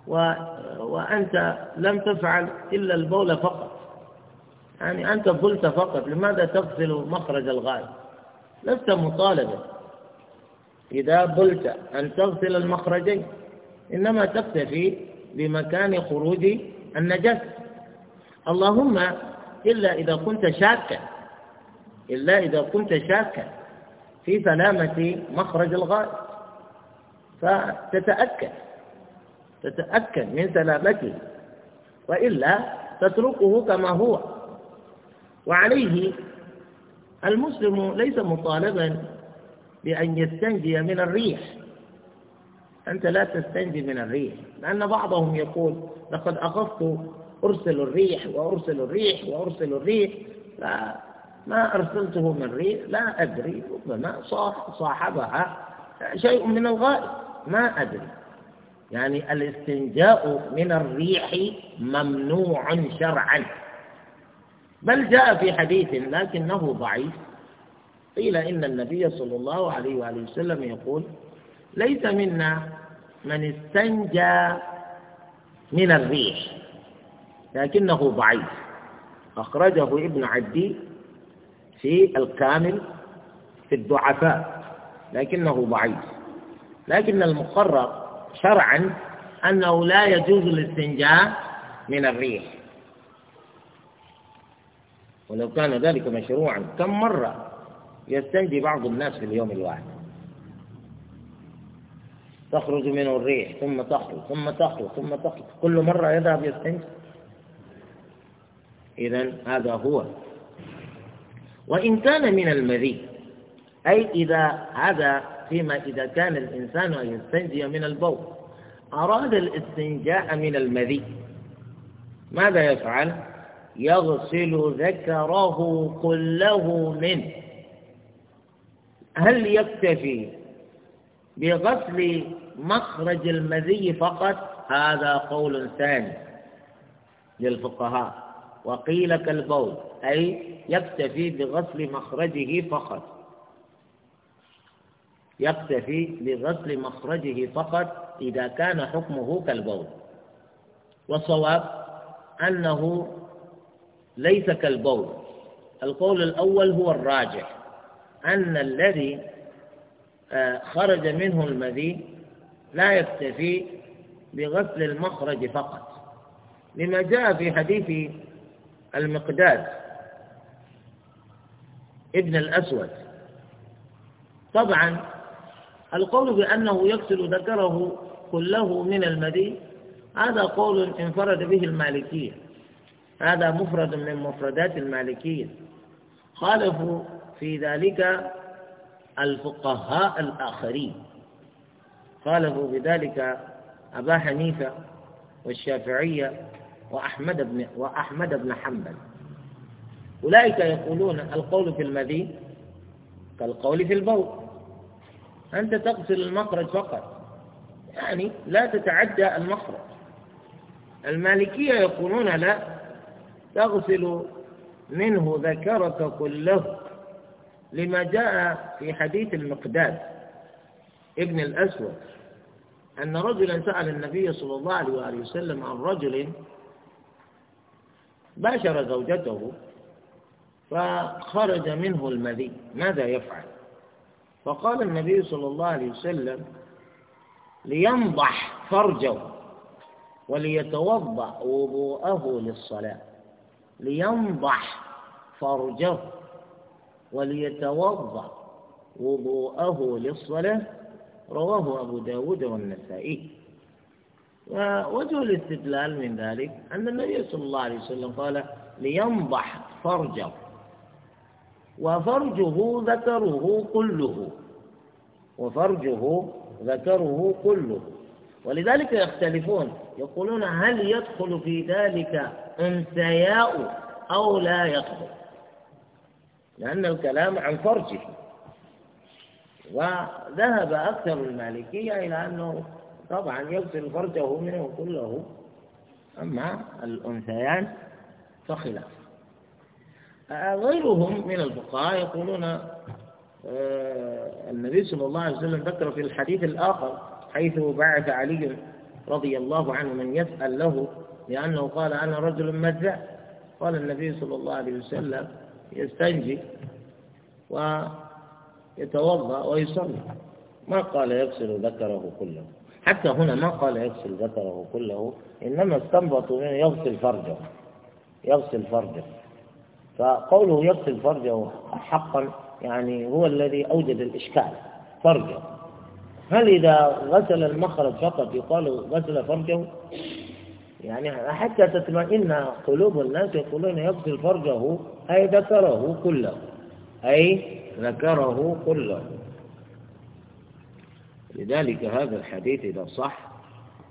و... وأنت لم تفعل إلا البول فقط يعني أنت بلت فقط لماذا تغسل مخرج الغائط لست مطالبا إذا بلت أن تغسل المخرجين إنما تكتفي بمكان خروج النجاسة اللهم إلا إذا كنت شاكا إلا إذا كنت شاكا في سلامة مخرج الغاز فتتأكد تتأكد من سلامته وإلا تتركه كما هو وعليه المسلم ليس مطالبا بأن يستنجي من الريح أنت لا تستنجي من الريح لأن بعضهم يقول لقد أخذت أرسل الريح وأرسل الريح وأرسل الريح لا ما أرسلته من ريح لا أدري ربما صاحبها شيء من الغائب ما أدري يعني الاستنجاء من الريح ممنوع شرعا بل جاء في حديث لكنه ضعيف قيل إن النبي صلى الله عليه وآله وسلم يقول ليس منا من استنجى من الريح لكنه ضعيف أخرجه ابن عدي في الكامل في الضعفاء لكنه ضعيف لكن المقرر شرعا أنه لا يجوز الاستنجاء من الريح ولو كان ذلك مشروعا كم مرة يستنجي بعض الناس في اليوم الواحد تخرج منه الريح ثم تخرج ثم تخرج ثم تخرج كل مرة يذهب يستنجد إذا هذا هو وإن كان من المذي أي إذا هذا فيما إذا كان الإنسان يستنجي من البول أراد الاستنجاء من المذي ماذا يفعل؟ يغسل ذكره كله منه هل يكتفي بغسل مخرج المذي فقط هذا قول ثاني للفقهاء وقيل كالبول أي يكتفي بغسل مخرجه فقط يكتفي بغسل مخرجه فقط إذا كان حكمه كالبول والصواب أنه ليس كالبول القول الأول هو الراجح أن الذي خرج منه المذي لا يكتفي بغسل المخرج فقط لما جاء في حديث المقداد ابن الأسود طبعا القول بأنه يغسل ذكره كله من المذي هذا قول انفرد به المالكية هذا مفرد من مفردات المالكية خالفوا في ذلك الفقهاء الآخرين قاله بذلك أبا حنيفة والشافعية وأحمد بن وأحمد بن حنبل أولئك يقولون القول في المذي كالقول في البول أنت تغسل المخرج فقط يعني لا تتعدى المخرج المالكية يقولون لا تغسل منه ذكرك كله لما جاء في حديث المقداد ابن الأسود أن رجلا سأل النبي صلى الله عليه وسلم عن رجل باشر زوجته فخرج منه المذي ماذا يفعل فقال النبي صلى الله عليه وسلم لينضح فرجه وليتوضأ وضوءه للصلاة لينضح فرجه وليتوضأ وضوءه للصلاة رواه أبو داود والنسائي ووجه الاستدلال من ذلك أن النبي صلى الله عليه وسلم قال لينضح فرجه وفرجه ذكره كله وفرجه ذكره كله ولذلك يختلفون يقولون هل يدخل في ذلك انثياء أو لا يدخل لأن الكلام عن فرجه وذهب أكثر المالكية إلى أنه طبعا يغسل فرجه منه كله أما الأنثيان فخلاف غيرهم من الفقهاء يقولون آه، النبي صلى الله عليه وسلم ذكر في الحديث الآخر حيث بعث علي رضي الله عنه من يسأل له لأنه قال أنا رجل مذع قال النبي صلى الله عليه وسلم يستنجي ويتوضأ ويصلي ما قال يغسل ذكره كله حتى هنا ما قال يغسل ذكره كله إنما استنبط منه يغسل فرجه يغسل فرجه فقوله يغسل فرجه حقا يعني هو الذي أوجد الإشكال فرجه هل إذا غسل المخرج فقط يقال غسل فرجه يعني حتى تطمئن قلوب الناس يقولون يغسل فرجه أي ذكره كله أي ذكره كله لذلك هذا الحديث إذا صح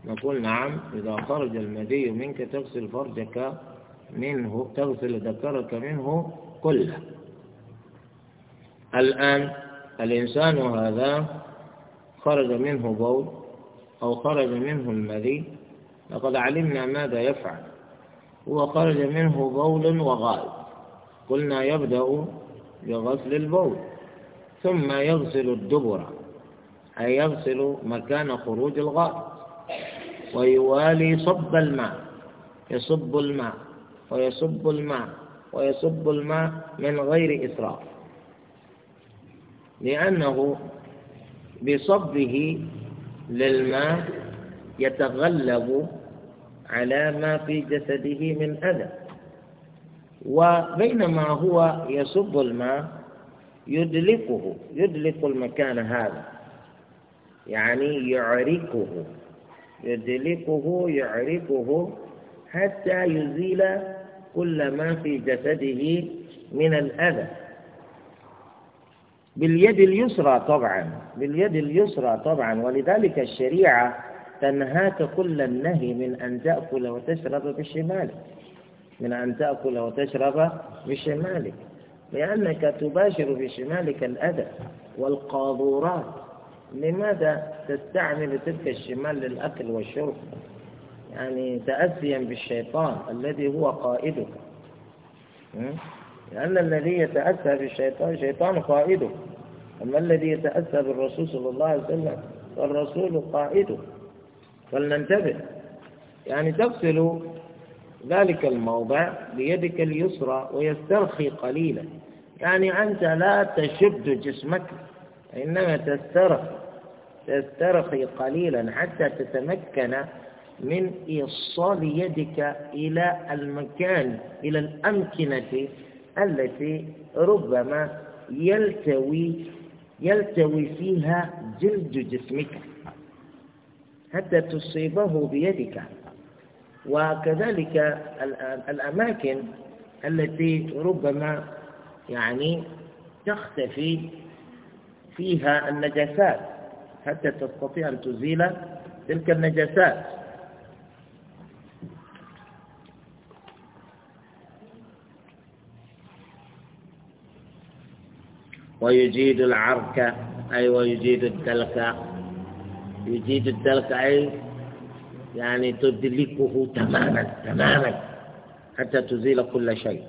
نقول نعم إذا خرج المدي منك تغسل فرجك منه تغسل ذكرك منه كله الآن الإنسان هذا خرج منه بول أو خرج منه المذي لقد علمنا ماذا يفعل هو خرج منه بول وغائب قلنا يبدأ بغسل البول ثم يغسل الدبر أي يغسل مكان خروج الغائط ويوالي صب الماء يصب الماء ويصب الماء ويصب الماء من غير إسراف لأنه بصبه للماء يتغلب على ما في جسده من أذى وبينما هو يصب الماء يدلكه يدلك المكان هذا يعني يعركه يدلكه يعركه حتى يزيل كل ما في جسده من الأذى باليد اليسرى طبعا باليد اليسرى طبعا ولذلك الشريعة تنهاك كل النهي من أن تأكل وتشرب بشمالك من أن تأكل وتشرب بشمالك لأنك تباشر بشمالك الأذى والقاذورات لماذا تستعمل تلك الشمال للأكل والشرب يعني تأسيا بالشيطان الذي هو قائدك لأن الذي يتأسى بالشيطان شيطان قائده أما الذي يتأسى بالرسول صلى الله عليه وسلم فالرسول قائده فلننتبه يعني تفصل ذلك الموضع بيدك اليسرى ويسترخي قليلا يعني أنت لا تشد جسمك إنما تسترخي تسترخي قليلا حتى تتمكن من إيصال يدك إلى المكان إلى الأمكنة التي ربما يلتوي يلتوي فيها جلد جسمك حتى تصيبه بيدك وكذلك الأماكن التي ربما يعني تختفي فيها النجاسات حتى تستطيع أن تزيل تلك النجاسات ويجيد العركة أي ويجيد الدلكة يجيد الدلكة أي يعني تدلكه تماما تماما حتى تزيل كل شيء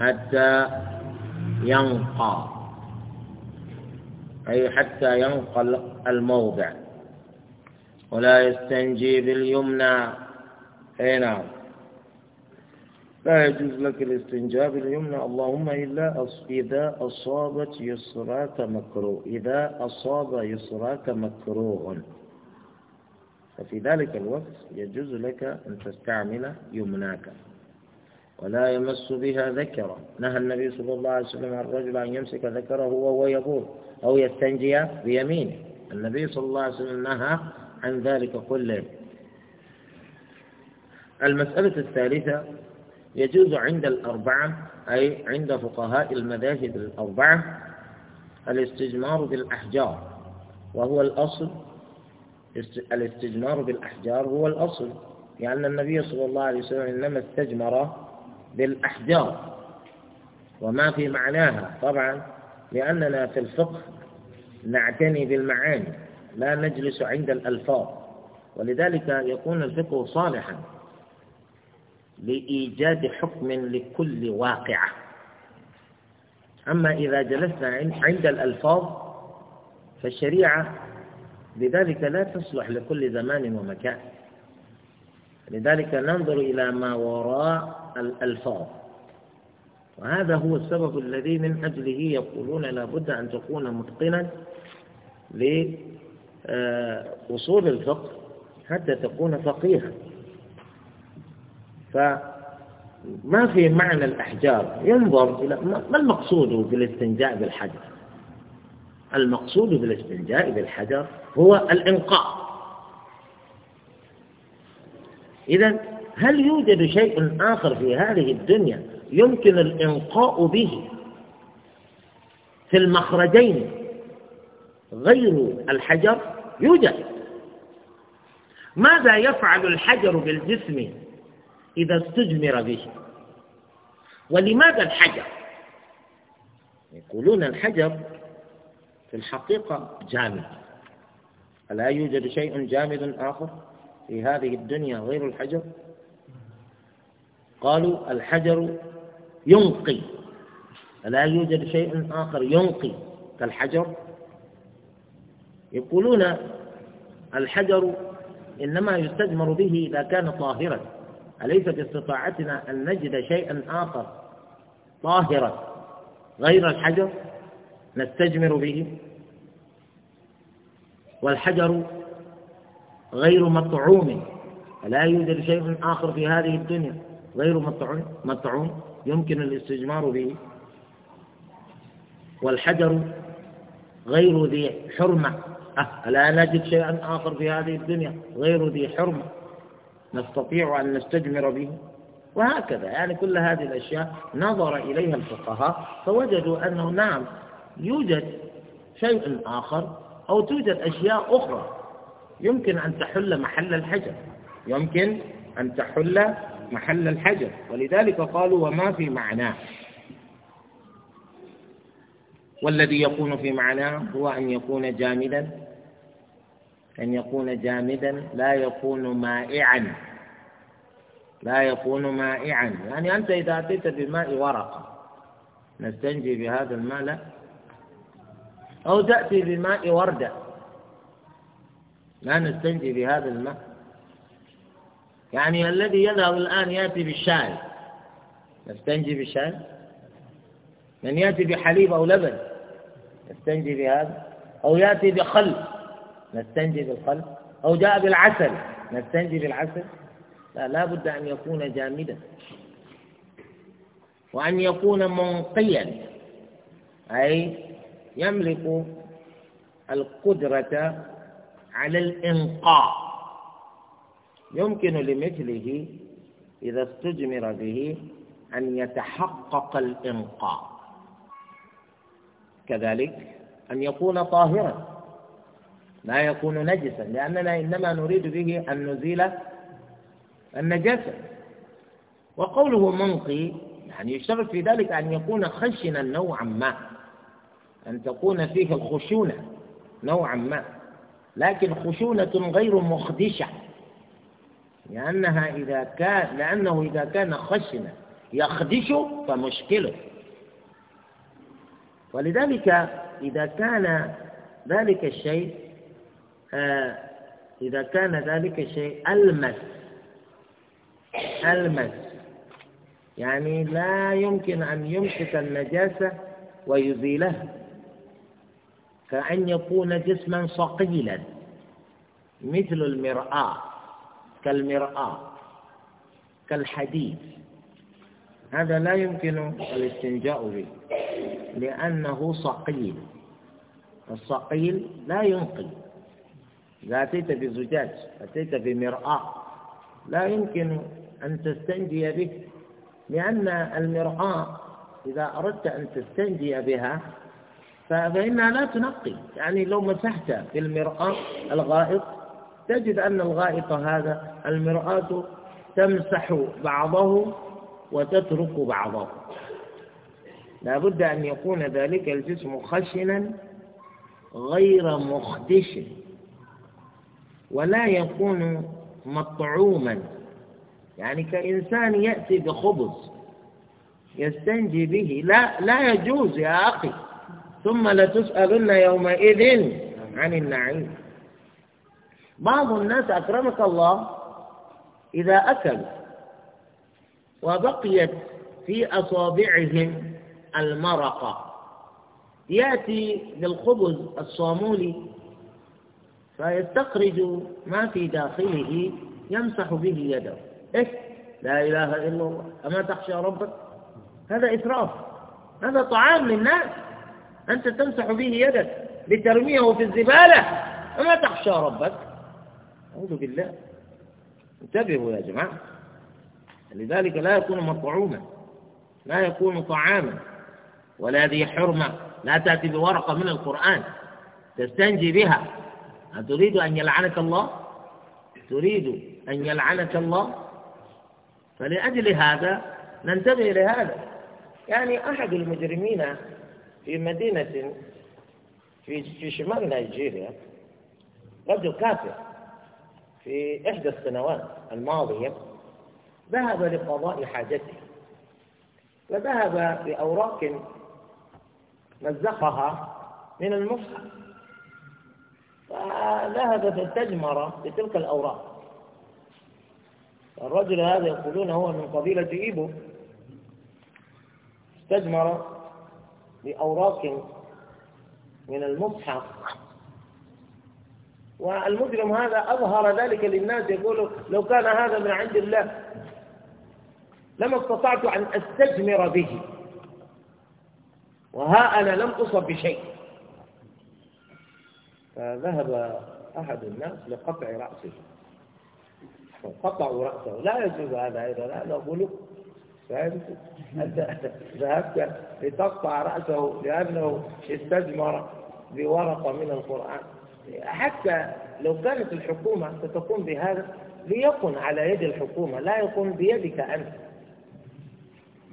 حتى ينقى أي حتى ينقى الموضع ولا يستنجي باليمنى أي نعم لا يجوز لك الاستنجاء باليمنى اللهم إلا إذا أصابت يسراك مكروه إذا أصاب يسراك مكروه ففي ذلك الوقت يجوز لك أن تستعمل يمناك ولا يمس بها ذكرا نهى النبي صلى الله عليه وسلم عن الرجل أن يمسك ذكره وهو يبول أو يستنجي بيمينه النبي صلى الله عليه وسلم نهى عن ذلك كله المسألة الثالثة يجوز عند الأربعة أي عند فقهاء المذاهب الأربعة الاستجمار بالأحجار وهو الأصل الاستجمار بالأحجار هو الأصل لأن يعني النبي صلى الله عليه وسلم إنما استجمر بالأحجار وما في معناها طبعا لأننا في الفقه نعتني بالمعاني لا نجلس عند الألفاظ ولذلك يكون الفقه صالحا لإيجاد حكم لكل واقعة أما إذا جلسنا عند الألفاظ فالشريعة لذلك لا تصلح لكل زمان ومكان لذلك ننظر إلى ما وراء الألفاظ وهذا هو السبب الذي من أجله يقولون لابد أن تكون متقنا لأصول الفقه حتى تكون فقيها فما في معنى الأحجار ينظر إلى ما المقصود بالاستنجاء بالحجر المقصود بالاستنجاء بالحجر هو الإنقاء إذا هل يوجد شيء آخر في هذه الدنيا يمكن الإنقاء به في المخرجين غير الحجر يوجد ماذا يفعل الحجر بالجسم إذا استجمر به ولماذا الحجر يقولون الحجر في الحقيقة جامد ألا يوجد شيء جامد آخر في هذه الدنيا غير الحجر قالوا الحجر ينقي ألا يوجد شيء آخر ينقي كالحجر يقولون الحجر إنما يستجمر به إذا كان طاهرا أليس باستطاعتنا أن نجد شيئا آخر طاهرا غير الحجر نستجمر به والحجر غير مطعوم لا يوجد شيء آخر في هذه الدنيا غير مطعوم مطعوم يمكن الاستجمار به والحجر غير ذي حرمة أه، ألا نجد شيئا آخر في هذه الدنيا غير ذي حرمة نستطيع أن نستجمر به وهكذا يعني كل هذه الأشياء نظر إليها الفقهاء فوجدوا أنه نعم يوجد شيء آخر أو توجد أشياء أخرى يمكن أن تحل محل الحجر يمكن أن تحل محل الحجر ولذلك قالوا وما في معناه والذي يكون في معناه هو أن يكون جامدا أن يكون جامدا لا يكون مائعا لا يكون مائعا يعني أنت إذا أتيت بماء ورقة نستنجي بهذا الماء لا أو تأتي بماء وردة لا نستنجي بهذا الماء يعني الذي يذهب الآن يأتي بالشاي نستنجي بالشاي من يأتي بحليب أو لبن نستنجي بهذا أو يأتي بخل نستنجي بالقلب أو جاء بالعسل نستنجي بالعسل لا لا بد أن يكون جامدا وأن يكون منقيا أي يملك القدرة على الإنقاء يمكن لمثله إذا استجمر به أن يتحقق الإنقاء كذلك أن يكون طاهرا لا يكون نجسا لأننا إنما نريد به أن نزيل النجاسة وقوله منقي يعني يشتغل في ذلك أن يكون خشنا نوعا ما أن تكون فيه الخشونة نوعا ما لكن خشونة غير مخدشة لأنها إذا كان لأنه إذا كان خشنا يخدش فمشكله ولذلك إذا كان ذلك الشيء آه، إذا كان ذلك الشيء ألمس ألمس يعني لا يمكن أن يمسك النجاسة ويزيلها كأن يكون جسما صقيلا مثل المرآة كالمرآة كالحديد هذا لا يمكن الاستنجاء به لأنه صقيل الصقيل لا ينقي إذا أتيت بزجاج أتيت بمرآة لا يمكن أن تستنجي به لأن المرآة إذا أردت أن تستنجي بها فإنها لا تنقي يعني لو مسحت في المرآة الغائط تجد أن الغائط هذا المرآة تمسح بعضه وتترك بعضه لابد أن يكون ذلك الجسم خشنا غير مخدش ولا يكون مطعوما يعني كإنسان يأتي بخبز يستنجي به لا لا يجوز يا أخي ثم لتسألن يومئذ عن النعيم بعض الناس أكرمك الله إذا أكلوا وبقيت في أصابعهم المرقة يأتي للخبز الصامولي فيستخرج ما في داخله يمسح به يده إيه؟ لا إله إلا الله أما تخشى ربك هذا إسراف هذا طعام للناس أنت تمسح به يدك لترميه في الزبالة أما تخشى ربك أعوذ بالله انتبهوا يا جماعة لذلك لا يكون مطعوما لا يكون طعاما ولا ذي حرمة لا تأتي بورقة من القرآن تستنجي بها أتريد أن يلعنك الله تريد أن يلعنك الله فلأجل هذا ننتبه لهذا يعني أحد المجرمين في مدينة في شمال نيجيريا رجل كافر في إحدى السنوات الماضية ذهب لقضاء حاجته فذهب بأوراق مزقها من المصحف فذهبت التجمرة بتلك الأوراق الرجل هذا يقولون هو من قبيلة إيبو استجمر بأوراق من المصحف والمجرم هذا أظهر ذلك للناس يقول لو كان هذا من عند الله لما استطعت أن أستجمر به وها أنا لم أصب بشيء فذهب أحد الناس لقطع رأسه قطعوا رأسه لا يجوز هذا أيضا لا أقول فهمت أنت ذهبت لتقطع رأسه لأنه استثمر بورقة من القرآن حتى لو كانت الحكومة ستقوم بهذا ليكن على يد الحكومة لا يكون بيدك أنت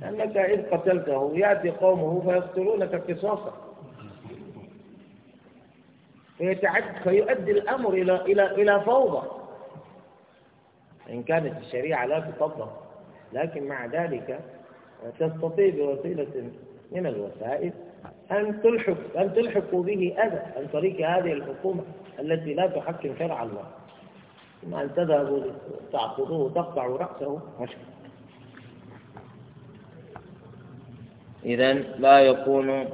لأنك إذ قتلته يأتي قومه فيقتلونك قصاصا فيتعد فيؤدي الأمر إلى إلى إلى فوضى إن كانت الشريعة لا تطبق لكن مع ذلك تستطيع بوسيلة من الوسائل أن تلحق أن تلحقوا به أذى عن طريق هذه الحكومة التي لا تحكم شرع الله ثم أن تذهبوا تعقدوه وتقطعوا رأسه مشكلة إذا لا يكون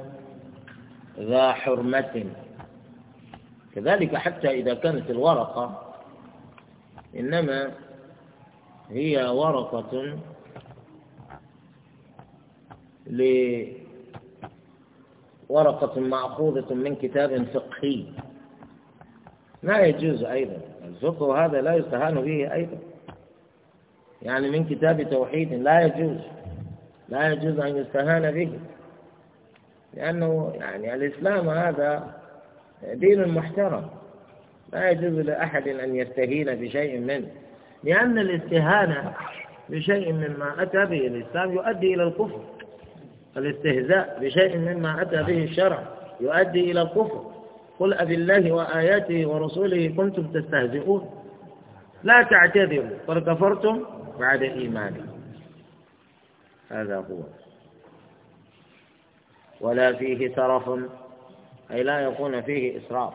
ذا حرمة كذلك حتى إذا كانت الورقة إنما هي ورقة ل ورقة مأخوذة من كتاب فقهي لا يجوز أيضا الفقه هذا لا يستهان به أيضا يعني من كتاب توحيد لا يجوز لا يجوز أن يستهان به لأنه يعني الإسلام هذا دين محترم لا يجوز لأحد أن يستهين بشيء منه لأن الاستهانة بشيء مما أتى به الإسلام يؤدي إلى الكفر الاستهزاء بشيء مما أتى به الشرع يؤدي إلى الكفر قل أبي الله وآياته ورسوله كنتم تستهزئون لا تعتذروا قد كفرتم بعد إيمانكم هذا هو ولا فيه ترف أي لا يكون فيه إسراف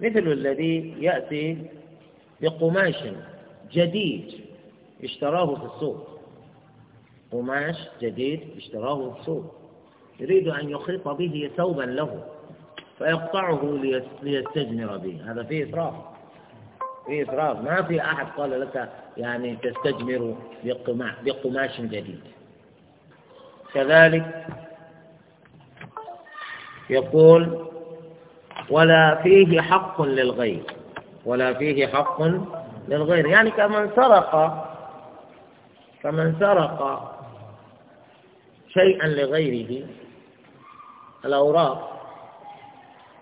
مثل الذي يأتي بقماش جديد اشتراه في السوق قماش جديد اشتراه في السوق يريد أن يخيط به ثوبا له فيقطعه ليستجمر به هذا فيه إسراف فيه إسراف ما في أحد قال لك يعني تستجمر بقماش جديد كذلك يقول ولا فيه حق للغير ولا فيه حق للغير يعني كمن سرق كمن سرق شيئا لغيره الأوراق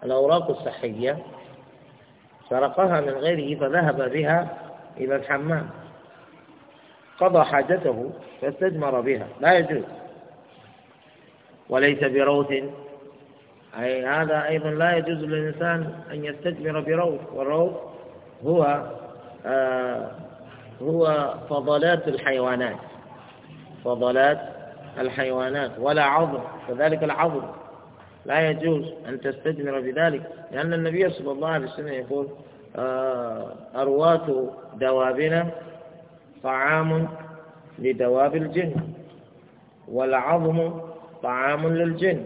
الأوراق الصحية سرقها من غيره فذهب بها إلى الحمام قضى حاجته فاستجمر بها لا يجوز وليس بروث أي هذا أيضا لا يجوز للإنسان أن يستجمر بروض والروض هو آه هو فضلات الحيوانات فضلات الحيوانات ولا عظم كذلك العظم لا يجوز أن تستجمر بذلك لأن النبي صلى الله عليه وسلم يقول آه أروات دوابنا طعام لدواب الجن والعظم طعام للجن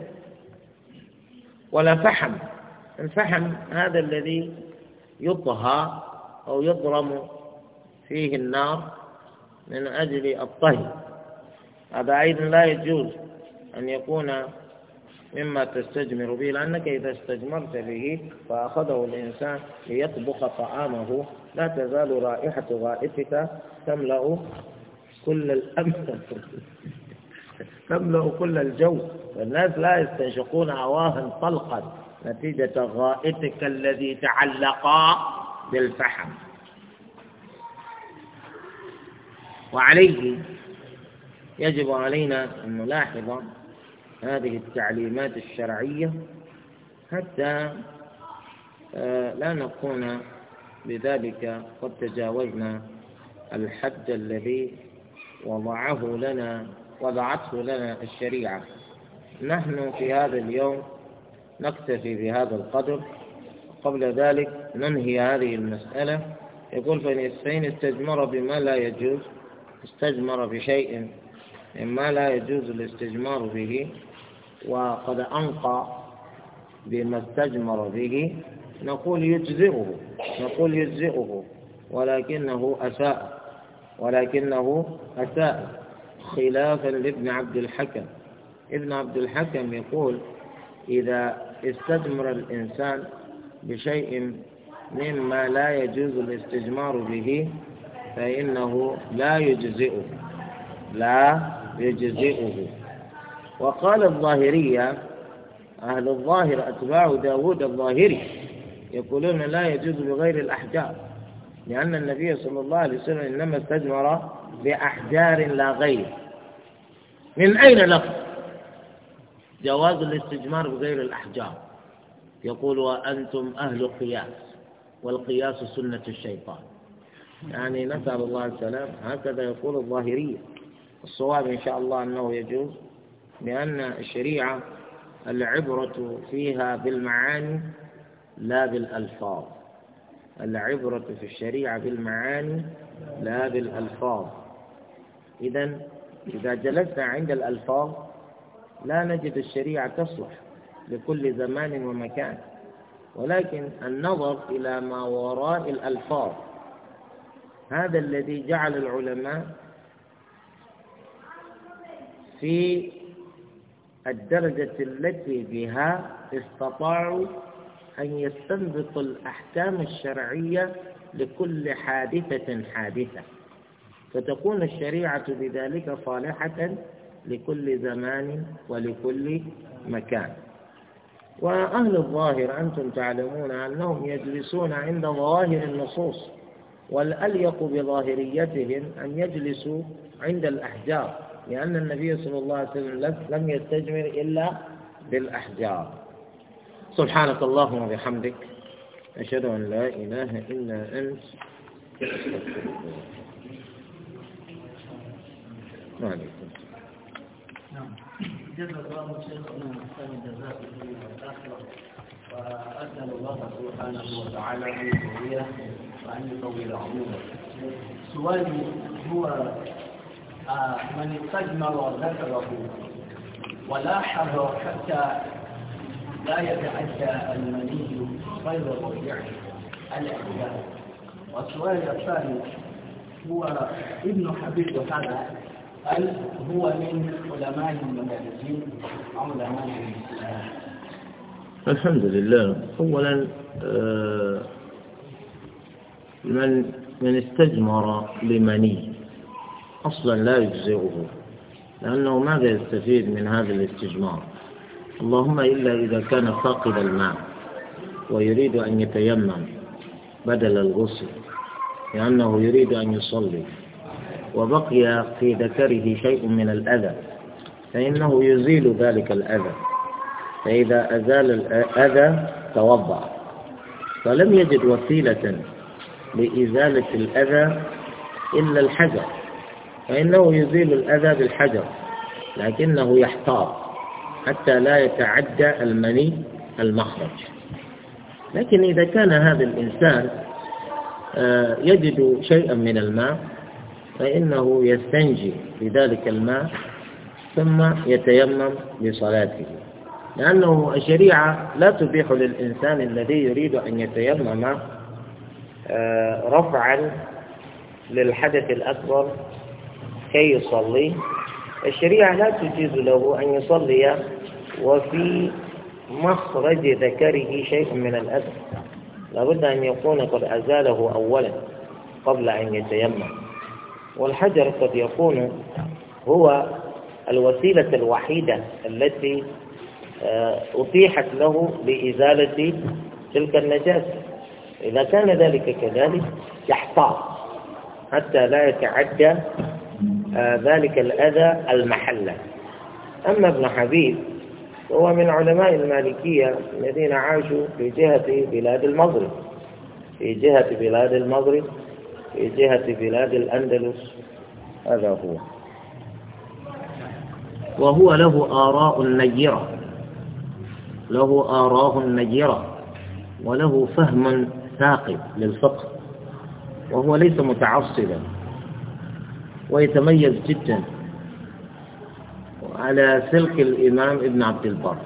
ولا فحم الفحم هذا الذي يطهى أو يضرم فيه النار من أجل الطهي هذا أيضا لا يجوز أن يكون مما تستجمر به لأنك إذا استجمرت به فأخذه الإنسان ليطبخ طعامه لا تزال رائحة غائفك تملأ كل الأمثل تملأ كل الجو الناس لا يستنشقون هواها طلقا نتيجة غائتك الذي تعلق بالفحم وعليه يجب علينا أن نلاحظ هذه التعليمات الشرعية حتى آه، لا نكون بذلك قد تجاوزنا الحد الذي وضعه لنا وضعته لنا الشريعة نحن في هذا اليوم نكتفي بهذا القدر قبل ذلك ننهي هذه المسألة يقول فإن استجمر بما لا يجوز استجمر بشيء مما لا يجوز الاستجمار به وقد أنقى بما استجمر به نقول يجزئه نقول يجزئه ولكنه أساء ولكنه أساء خلافا لابن عبد الحكم ابن عبد الحكم يقول إذا استثمر الإنسان بشيء مما لا يجوز الاستجمار به فإنه لا يجزئه لا يجزئه وقال الظاهرية أهل الظاهر أتباع داود الظاهري يقولون لا يجوز بغير الأحجار لأن النبي صلى الله عليه وسلم إنما استجمر بأحجار لا غير من أين لفظ جواز الاستجمار بغير الأحجار يقول وأنتم أهل قياس والقياس سنة الشيطان يعني نسأل الله السلام هكذا يقول الظاهرية الصواب إن شاء الله أنه يجوز لأن الشريعة العبرة فيها بالمعاني لا بالألفاظ العبرة في الشريعة بالمعاني لهذه الألفاظ إذا إذا جلسنا عند الألفاظ لا نجد الشريعة تصلح لكل زمان ومكان ولكن النظر إلى ما وراء الألفاظ هذا الذي جعل العلماء في الدرجة التي بها استطاعوا أن يستنبطوا الأحكام الشرعية لكل حادثة حادثة فتكون الشريعة بذلك صالحة لكل زمان ولكل مكان وأهل الظاهر أنتم تعلمون أنهم يجلسون عند ظواهر النصوص والأليق بظاهريتهم أن يجلسوا عند الأحجار لأن النبي صلى الله عليه وسلم لم يستجمر إلا بالأحجار سبحانك اللهم وبحمدك أشهد أن لا إله إلا أنت وعليكم نعم جزا الله شيخنا الثاني جزاك الله وأسأل الله سبحانه وتعالى وإياه وأن يطول عمره سؤالي هو آه، من استجمر ذكره ولاحظ حتى لا يتعدى المني غير مرجعه الاعتداء والسؤال الثاني هو ابن حبيب هذا هل هو من علماء المدرسين أو علماء الإسلام؟ الحمد لله أولا آه، من من استجمر لمني أصلا لا يجزئه لأنه ماذا يستفيد من هذا الاستجمار اللهم إلا إذا كان فاقد المال ويريد أن يتيمم بدل الغسل لأنه يريد أن يصلي وبقي في ذكره شيء من الأذى فإنه يزيل ذلك الأذى فإذا أزال الأذى توضأ فلم يجد وسيلة لإزالة الأذى إلا الحجر فإنه يزيل الأذى بالحجر لكنه يحتاط حتى لا يتعدى المني المخرج لكن إذا كان هذا الإنسان آه، يجد شيئا من الماء فإنه يستنجي بذلك الماء ثم يتيمم لصلاته لأنه الشريعة لا تبيح للإنسان الذي يريد أن يتيمم آه، رفعا للحدث الأكبر كي يصلي الشريعة لا تجيز له أن يصلي وفي مخرج ذكره شيء من الأذى لابد أن يكون قد أزاله أولا قبل أن يتيمم والحجر قد يكون هو الوسيلة الوحيدة التي آه، أتيحت له لإزالة تلك النجاسة إذا كان ذلك كذلك يحتاط حتى لا يتعدى آه، ذلك الأذى المحلة أما ابن حبيب وهو من علماء المالكية الذين عاشوا في جهة بلاد المغرب في جهة بلاد المغرب في جهة بلاد الأندلس هذا هو وهو له آراء نيرة له آراء نيرة وله فهم ثاقب للفقه وهو ليس متعصبا ويتميز جدا على سلك الإمام ابن عبد البر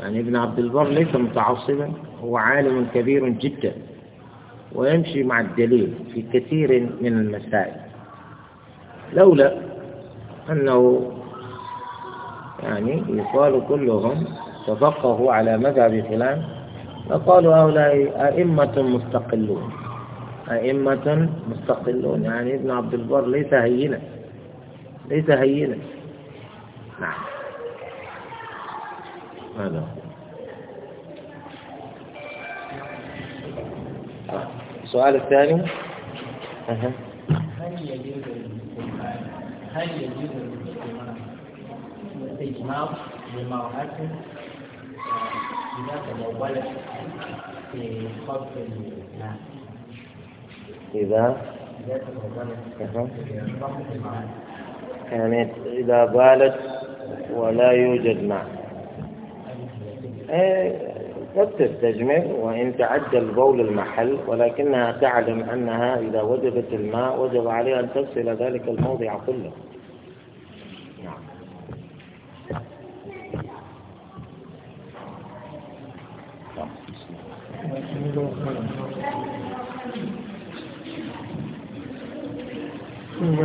يعني ابن عبد البر ليس متعصبا هو عالم كبير جدا ويمشي مع الدليل في كثير من المسائل لولا أنه يعني يقال كلهم تفقهوا على مذهب فلان لقالوا هؤلاء أئمة مستقلون أئمة مستقلون يعني ابن عبد البر ليس هينا ليس هينا نعم هذا السؤال الثاني أه. هل يجوز هل يجوز الاستجمار آه، إذا تزوجت في خط الناس إذا إذا تزوجت يعني إذا بالت ولا يوجد ماء إيه، قد تستجمل وإن تعدى البول المحل ولكنها تعلم أنها إذا وجدت الماء وجب عليها أن تغسل ذلك الموضع كله نعم. نعم.